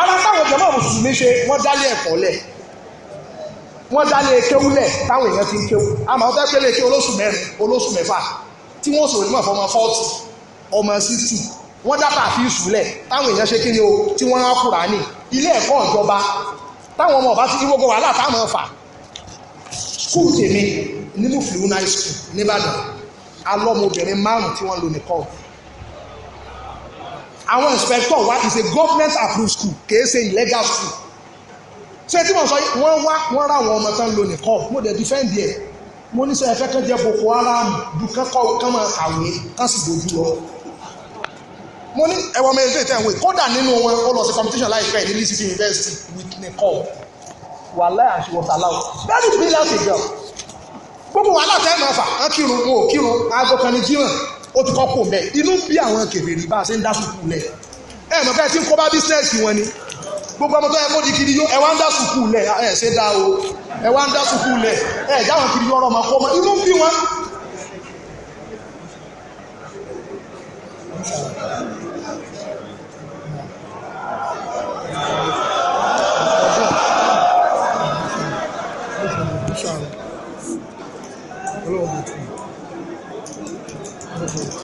ara táwọn jọmọ́ mùsùlùmí wọ́n dálé kéwúlẹ̀ táwọn èèyàn fi ń kéwú àmọ́ wọ́n fẹ́ pélé kí olóṣù mẹ́rin olóṣù mẹ́fà tí wọ́n sòrò nímọ̀ fọmọ fọ́ọ̀tì ọmọ sísì wọ́n dábàá àfi ìsúlẹ̀ táwọn èèyàn ṣe kí ni o tí wọ́n á kúrà ní ilé ẹ̀kọ́ ìjọba táwọn ọmọ ọba ti ní gbogbo wàhálà táwọn fà skul tèmi ní mufiliu high school nìbàdàn alọ́mọbìnrin márùn tí wọ́n lò nìkan àwọn inspector wa is a government approved school kì í ṣe illegal school ṣé tí mo sọ wọ́n wá wọ́n rà àwọn ọmọ tán lónìí kọ́ mo dẹ̀ defend ẹ̀ mo ní sọ ẹ̀fẹ́ kan jẹ́ boko haram dùkẹ́ kọ́ kán máa kàwé kán sì dojú lọ. mo ní ẹwà ọmọ ilé ìtẹ̀wé kódà nínú wọn ó lọ sí competition láìpẹ́ ní lisi university with nicol wàhálà àti wọ́tàlá bẹ́ẹ̀ni bí láti jọ gbogbo wàhálà tẹ́ ẹ̀ máa fà á kírun wọn ò kírun aago kan ní jíran ó ti kọ́ kò mẹ́ inú bí àwọn kèfèrí bá a ṣe ń dá sùkúù lẹ̀ ẹ̀ mọ̀ fẹ́ẹ́ ti ń kó bá bísíǹsì wọn ni gbogbo ọmọ tó yẹ kó di kiri yó ẹ wá ń dá sùkúù lẹ̀ ẹ dá o ẹ wá ń dá sùkúù lẹ̀ ẹ jáwọn kiri yó ọ̀rọ̀ ọmọ ọmọ inú bí wọn. Thank you.